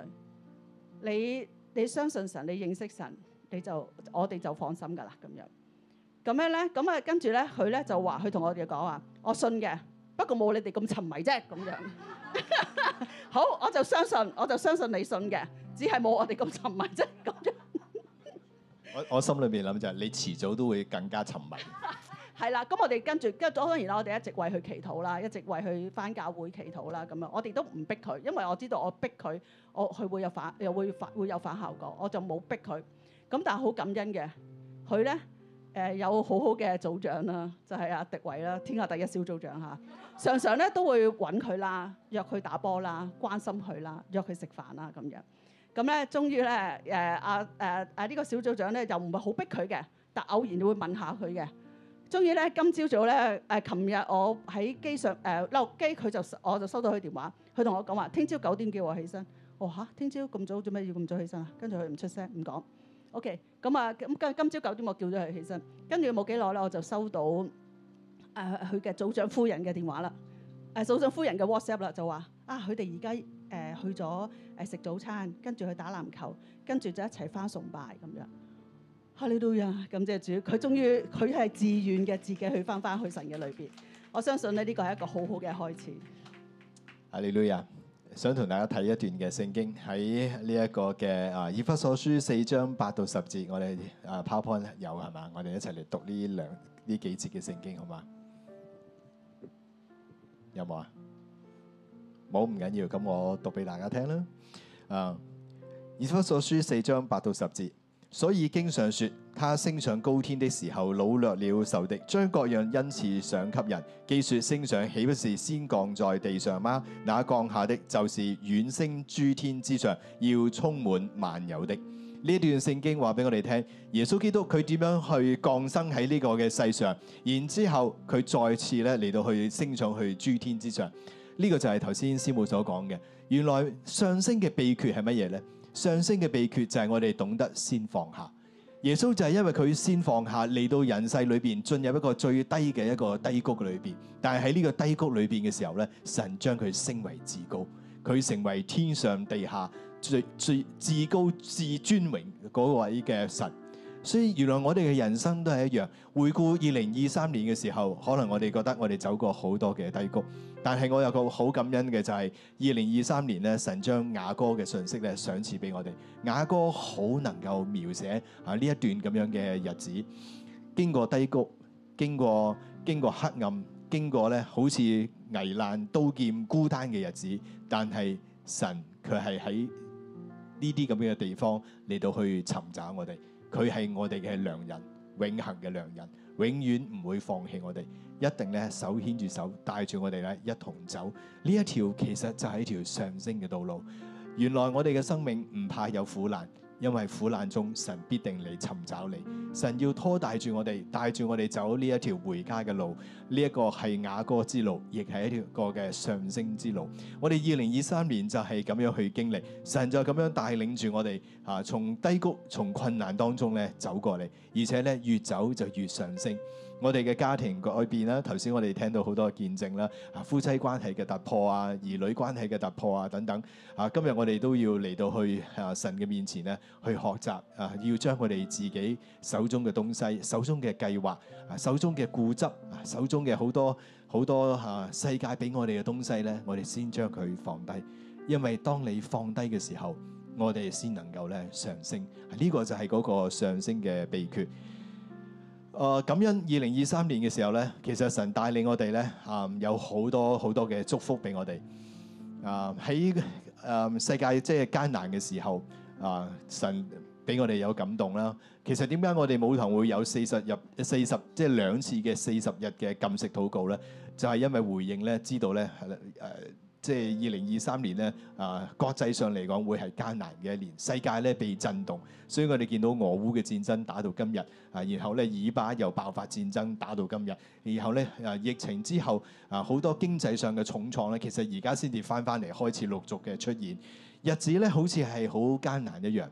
你你相信神，你認識神，你就我哋就放心噶啦。咁樣咁樣咧，咁啊，跟住咧，佢咧就話佢同我哋講話，我信嘅，不過冇你哋咁沉迷啫。咁樣 好，我就相信，我就相信你信嘅，只係冇我哋咁沉迷啫。咁樣。我心裏邊諗就係你遲早都會更加沉迷 係啦，咁我哋跟住，跟當然啦，我哋一直為佢祈禱啦，一直為佢翻教會祈禱啦，咁樣我哋都唔逼佢，因為我知道我逼佢，我佢會有反，又會反，會有，反會有反效果，我就冇逼佢。咁但係好感恩嘅，佢咧誒有好好嘅組長啦，就係阿迪偉啦，天下第一小組長嚇，常常咧都會揾佢啦，約佢打波啦，關心佢啦，約佢食飯啦，咁樣。咁咧，終於咧，誒啊誒啊呢、啊這個小組長咧又唔係好逼佢嘅，但偶然會問下佢嘅。終於咧，今朝早咧誒，琴日我喺機上誒落機，佢就我就收到佢電話，佢同我講話，聽朝九點叫我起身。哦吓，聽朝咁早做咩要咁早起身啊？跟住佢唔出聲，唔講。OK，咁啊，咁今今朝九點我叫咗佢起身，跟住冇幾耐咧，我就收到誒佢嘅組長夫人嘅電話啦，誒、啊、組長夫人嘅 WhatsApp 啦，就話啊，佢哋而家。去咗誒食早餐，跟住去打籃球，跟住就一齊翻崇拜咁樣。哈利路亞，感謝主，佢終於佢係自願嘅，自己去翻翻去神嘅裏邊。我相信咧呢個係一個好好嘅開始。哈利路亞，想同大家睇一段嘅聖經，喺呢一個嘅啊以弗所書四章八到十節，我哋啊 PowerPoint 有係嘛？我哋一齊嚟讀呢兩呢幾節嘅聖經，好嗎？有冇啊？冇唔緊要，咁我讀俾大家聽啦。啊，以弗所書四章八到十節，所以經常說，他升上高天的時候，擄掠了仇敵，將各樣恩賜賞給人。既說升上，豈不是先降在地上嗎？那降下的就是遠升諸天之上，要充滿萬有的。呢段聖經話俾我哋聽，耶穌基督佢點樣去降生喺呢個嘅世上，然之後佢再次咧嚟到去升上去諸天之上。呢個就係頭先師母所講嘅。原來上升嘅秘訣係乜嘢呢？上升嘅秘訣就係我哋懂得先放下。耶穌就係因為佢先放下嚟到人世裏邊，進入一個最低嘅一個低谷裏邊。但係喺呢個低谷裏邊嘅時候呢，神將佢升為至高，佢成為天上地下最最至高至尊榮嗰位嘅神。所以原來我哋嘅人生都係一樣。回顧二零二三年嘅時候，可能我哋覺得我哋走過好多嘅低谷。但係我有個好感恩嘅就係二零二三年咧，神將雅歌嘅信息咧賞賜俾我哋。雅歌好能夠描寫啊呢一段咁樣嘅日子，經過低谷，經過經過黑暗，經過咧好似危難、刀劍、孤單嘅日子。但係神佢係喺呢啲咁樣嘅地方嚟到去尋找我哋，佢係我哋嘅良人，永恆嘅良人，永遠唔會放棄我哋。一定咧，手牽住手，帶住我哋咧，一同走呢一條，其實就係一條上升嘅道路。原來我哋嘅生命唔怕有苦難，因為苦難中神必定嚟尋找你。神要拖帶住我哋，帶住我哋走呢一條回家嘅路。呢一個係雅歌之路，亦係一條個嘅上升之路。我哋二零二三年就係咁樣去經歷，神就咁樣帶領住我哋嚇，從低谷、從困難當中咧走過嚟，而且咧越走就越上升。我哋嘅家庭改變啦，頭先我哋聽到好多嘅見證啦，夫妻關係嘅突破啊，兒女關係嘅突破啊等等。啊，今日我哋都要嚟到去啊神嘅面前咧，去學習啊，要將我哋自己手中嘅東西、手中嘅計劃、手中嘅固執、手中嘅好多好多嚇世界俾我哋嘅東西咧，我哋先將佢放低。因為當你放低嘅時候，我哋先能夠咧上升。呢個就係嗰個上升嘅秘訣。誒，咁樣二零二三年嘅時候咧，其實神帶領我哋咧、嗯，啊有好多好多嘅祝福俾我哋啊，喺誒世界即係艱難嘅時候啊，神俾我哋有感動啦。其實點解我哋母堂會有四十日、四十即係兩次嘅四十日嘅禁食禱告咧？就係、是、因為回應咧，知道咧係誒。呃即係二零二三年咧，啊國際上嚟講會係艱難嘅一年，世界咧被震動，所以我哋見到俄烏嘅戰爭打到今日，啊然後咧以巴又爆發戰爭打到今日，然後咧啊疫情之後啊好多經濟上嘅重創咧，其實而家先至翻返嚟開始陸續嘅出現，日子咧好似係好艱難一樣。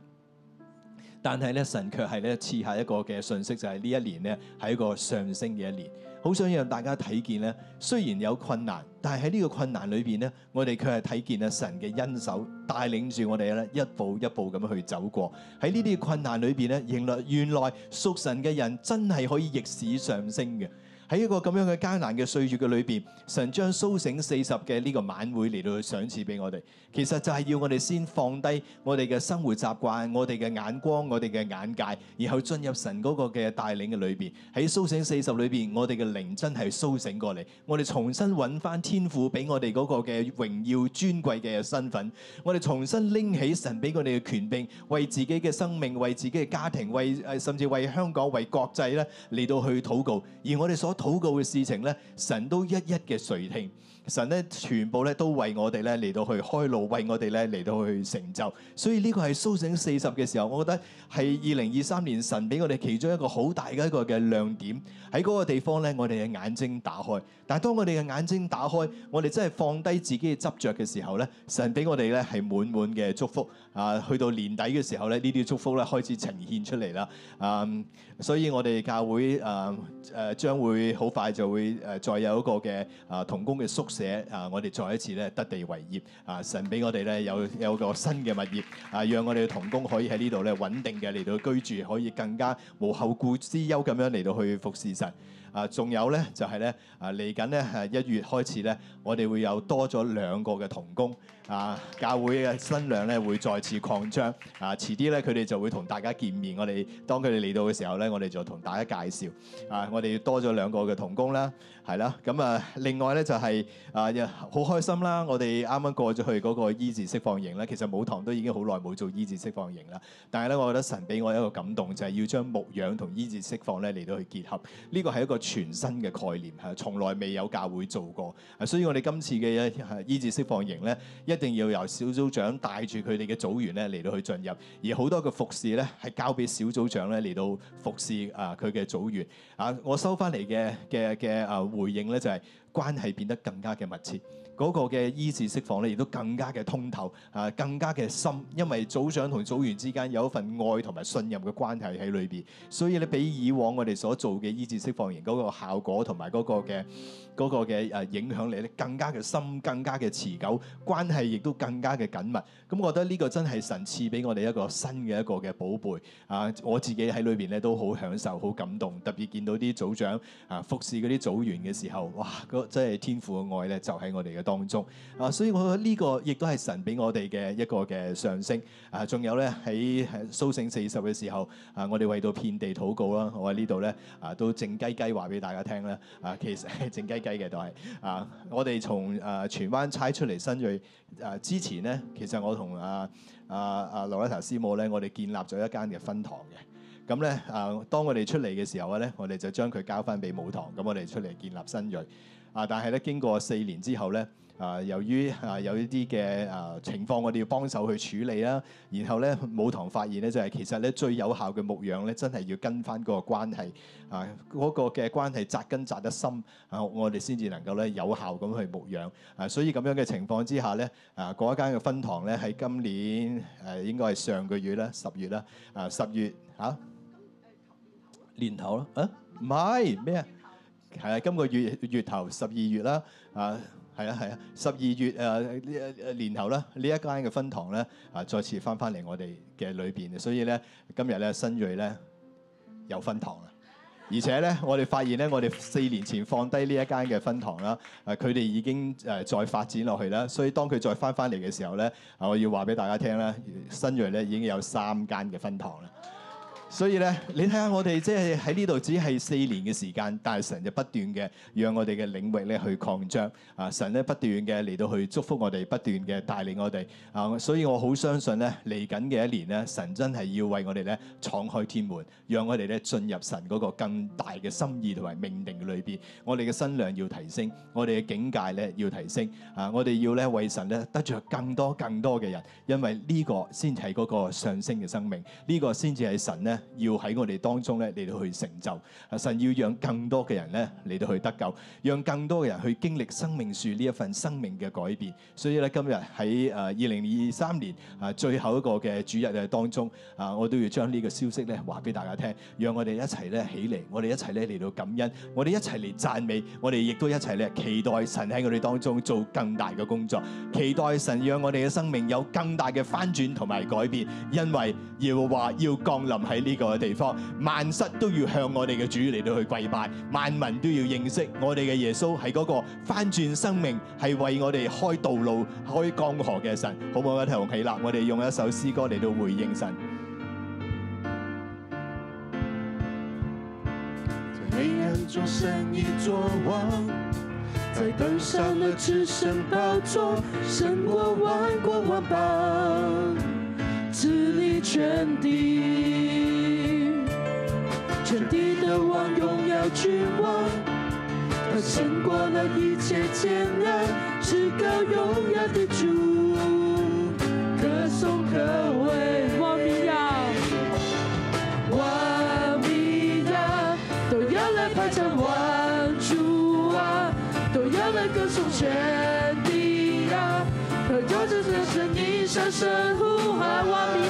但係咧，神卻係咧賜下一個嘅信息，就係呢一年咧係一個上升嘅一年。好想讓大家睇見咧，雖然有困難，但係喺呢個困難裏邊咧，我哋卻係睇見咧神嘅恩手帶領住我哋咧一步一步咁去走過。喺呢啲困難裏邊咧，認略原來屬神嘅人真係可以逆市上升嘅。喺一個咁樣嘅艱難嘅歲月嘅裏邊，神將蘇醒四十嘅呢個晚會嚟到去賞賜俾我哋，其實就係要我哋先放低我哋嘅生活習慣、我哋嘅眼光、我哋嘅眼界，然後進入神嗰個嘅帶領嘅裏邊。喺蘇醒四十裏邊，我哋嘅靈真係蘇醒過嚟，我哋重新揾翻天父俾我哋嗰個嘅榮耀尊貴嘅身份，我哋重新拎起神俾我哋嘅權柄，為自己嘅生命、為自己嘅家庭、為誒甚至為香港、為國際啦嚟到去禱告，而我哋所。禱告嘅事情咧，神都一一嘅垂聽。神咧全部咧都為我哋咧嚟到去開路，為我哋咧嚟到去成就。所以呢個係蘇醒四十嘅時候，我覺得係二零二三年神俾我哋其中一個好大嘅一個嘅亮點。喺嗰個地方咧，我哋嘅眼睛打開。但係當我哋嘅眼睛打開，我哋真係放低自己嘅執着嘅時候咧，神俾我哋咧係滿滿嘅祝福。啊，去到年底嘅時候咧，呢啲祝福咧開始呈現出嚟啦。啊，所以我哋教會誒誒、啊，將會好快就會誒再有一個嘅啊同工嘅宿舍。者啊！我哋再一次咧得地為業啊！神俾我哋咧有有個新嘅物業啊，讓我哋嘅同工可以喺呢度咧穩定嘅嚟到居住，可以更加無後顧之憂咁樣嚟到去服侍神啊！仲有咧就係、是、咧啊，嚟緊咧一月開始咧，我哋會有多咗兩個嘅同工。啊！教會嘅新娘咧會再次擴張啊！遲啲咧佢哋就會同大家見面，我哋當佢哋嚟到嘅時候咧，我哋就同大家介紹啊！我哋多咗兩個嘅同工啦，係啦。咁啊，另外咧就係啊，好開心啦！我哋啱啱過咗去嗰個醫治釋放營咧，其實母堂都已經好耐冇做醫治釋放營啦。但係咧，我覺得神俾我一個感動，就係要將牧養同醫治釋放咧嚟到去結合。呢個係一個全新嘅概念，係從來未有教會做過。所以我哋今次嘅醫治釋放營咧。一定要由小組長帶住佢哋嘅組員咧嚟到去進入，而好多嘅服侍咧係交俾小組長咧嚟到服侍啊佢嘅組員啊。我收翻嚟嘅嘅嘅啊回應咧就係、是、關係變得更加嘅密切，嗰、那個嘅醫治釋放咧亦都更加嘅通透啊，更加嘅深，因為組長同組員之間有一份愛同埋信任嘅關係喺裏邊，所以咧比以往我哋所做嘅醫治釋放完嗰個效果同埋嗰個嘅。嗰個嘅誒影響力咧，更加嘅深，更加嘅持久，關係亦都更加嘅緊密。咁我覺得呢個真係神賜俾我哋一個新嘅一個嘅寶貝啊！我自己喺裏邊咧都好享受、好感動，特別見到啲組長啊服侍嗰啲組員嘅時候，哇！真係天父嘅愛咧，就喺我哋嘅當中啊！所以我覺得呢個亦都係神俾我哋嘅一個嘅上升啊！仲有咧喺甦醒四十嘅時候啊，我哋為到遍地禱告啦。我喺呢度咧啊，都靜雞雞話俾大家聽啦。啊，其實係靜雞。計嘅都係啊！我哋從誒荃灣差出嚟新銳誒、啊、之前咧，其實我同阿阿阿羅拉達師母咧，我哋建立咗一間嘅分堂嘅。咁、嗯、咧啊，當我哋出嚟嘅時候咧，我哋就將佢交翻俾母堂。咁、嗯、我哋出嚟建立新銳啊，但係咧經過四年之後咧。啊！由於啊有呢啲嘅啊情況，我哋要幫手去處理啦。然後咧，母堂發現咧，就係其實咧最有效嘅牧養咧，真係要跟翻嗰個關係啊，嗰個嘅關係扎根扎得深啊，我哋先至能夠咧有效咁去牧養啊。所以咁樣嘅情況之下咧，啊嗰間嘅分堂咧喺今年誒應該係上個月啦，十月啦啊十月嚇年頭咯啊，唔係咩啊，係啊，今個月月頭十二月啦啊！係啊，係啊，十二月誒、呃、年頭咧，呢一間嘅分堂咧啊，再次翻翻嚟我哋嘅裏邊，所以咧今日咧新銳咧有分堂啦，而且咧我哋發現咧，我哋四年前放低呢一間嘅分堂啦，呃、佢哋已經誒、呃、再發展落去啦，所以當佢再翻翻嚟嘅時候咧，我要話俾大家聽啦，新銳咧已經有三間嘅分堂啦。所以咧，你睇下我哋即係喺呢度，只係四年嘅時間，但係神就不斷嘅讓我哋嘅領域咧去擴張啊，神咧不斷嘅嚟到去祝福我哋，不斷嘅帶領我哋。啊，所以我好相信咧，嚟緊嘅一年咧，神真係要為我哋咧敞開天門，讓我哋咧進入神嗰個更大嘅心意同埋命定裏邊，我哋嘅身量要提升，我哋嘅境界咧要提升。啊，我哋要咧為神咧得著更多更多嘅人，因為呢個先係嗰個上升嘅生命，這個、呢個先至係神咧。要喺我哋當中咧，嚟到去成就，神要讓更多嘅人咧嚟到去得救，讓更多嘅人去經歷生命樹呢一份生命嘅改變。所以咧，今日喺誒二零二三年啊最後一個嘅主日嘅當中，啊，我都要將呢個消息咧話俾大家聽，讓我哋一齊咧起嚟，我哋一齊咧嚟到感恩，我哋一齊嚟讚美，我哋亦都一齊咧期待神喺我哋當中做更大嘅工作，期待神讓我哋嘅生命有更大嘅翻轉同埋改變，因為耶和華要降臨喺呢。呢個地方，萬膝都要向我哋嘅主嚟到去跪拜，萬民都要認識我哋嘅耶穌，係嗰個翻轉生命，係為我哋開道路，開江河嘅神，好唔好啊？一齊同我起立，我哋用一首詩歌嚟到回應神。 治理全地，全地的王榮耀君王，他勝過了一切艱難，至高榮耀的主， 歌頌各位。聲聲呼喊。我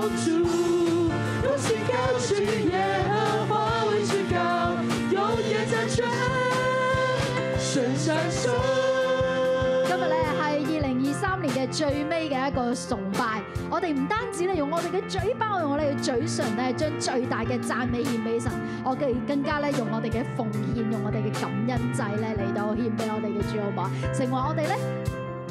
交可今日咧係二零二三年嘅最尾嘅一個崇拜，我哋唔單止咧用我哋嘅嘴巴，我用我哋嘅嘴唇咧將最大嘅讚美獻俾神，我哋更加咧用我哋嘅奉獻，用我哋嘅感恩祭咧嚟到獻俾我哋嘅主，好唔好？成為我哋咧。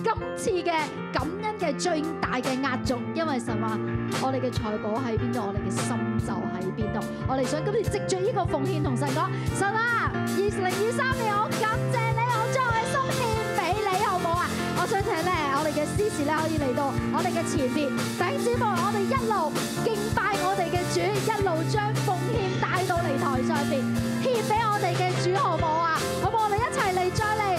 今次嘅感恩嘅最大嘅壓軸，因為神話，我哋嘅財寶喺邊度，我哋嘅心就喺邊度。我哋想今次藉著呢個奉獻同神講，神啊，二零二三年我感謝你，我將愛心獻俾你好唔好啊！我想請咧，我哋嘅詩詞咧可以嚟到我哋嘅前邊，等諸位我哋一路敬拜我哋嘅主，一路將奉獻帶到嚟台上邊獻俾我哋嘅主好唔好啊！好冇，我哋一齊嚟再嚟。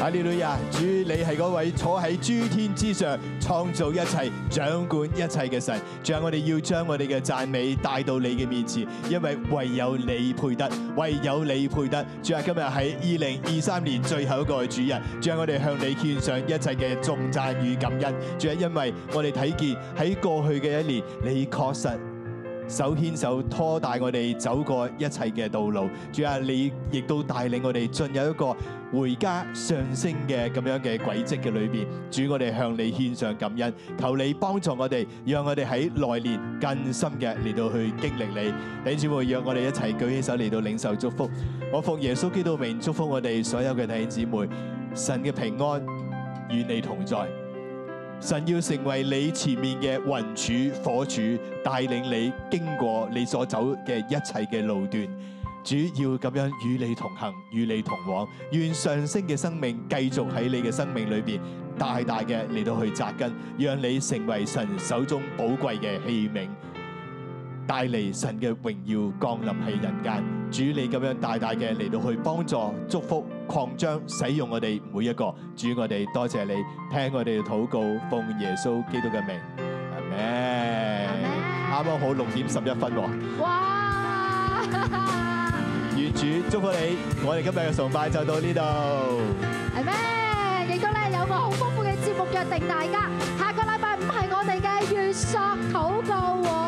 阿列女啊，主，你係嗰位坐喺諸天之上，創造一切、掌管一切嘅神。主啊，我哋要將我哋嘅讚美帶到你嘅面前，因為唯有你配得，唯有你配得。主啊，今日喺二零二三年最後一個主日，主啊，我哋向你獻上一切嘅頌讚與感恩。主啊，因為我哋睇見喺過去嘅一年，你確實。手牽手拖帶我哋走過一切嘅道路，主啊，你亦都帶領我哋進入一個回家上升嘅咁樣嘅軌跡嘅裏邊。主，我哋向你獻上感恩，求你幫助我哋，讓我哋喺來年更深嘅嚟到去經歷你。弟兄姊妹，讓我哋一齊舉起手嚟到領受祝福。我奉耶穌基督嘅名祝福我哋所有嘅弟兄姊妹，神嘅平安與你同在。神要成為你前面嘅雲柱火柱，帶領你經過你所走嘅一切嘅路段。主要咁樣與你同行，與你同往。願上升嘅生命繼續喺你嘅生命裏面大大嘅嚟到去紮根，讓你成為神手中寶貴嘅器皿。帶嚟神嘅榮耀降臨喺人間，主你咁樣大大嘅嚟到去幫助、祝福、擴張、使用我哋每一個，主我哋多謝你，聽我哋嘅禱告，奉耶穌基督嘅名，阿門。啱啱好六點十一分喎。哇！願主，祝福你，我哋今日嘅崇拜就到呢度。阿門。亦都咧有個好豐富嘅節目約定大家，下個禮拜五係我哋嘅月朔禱告。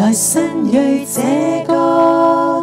來，新銳這歌。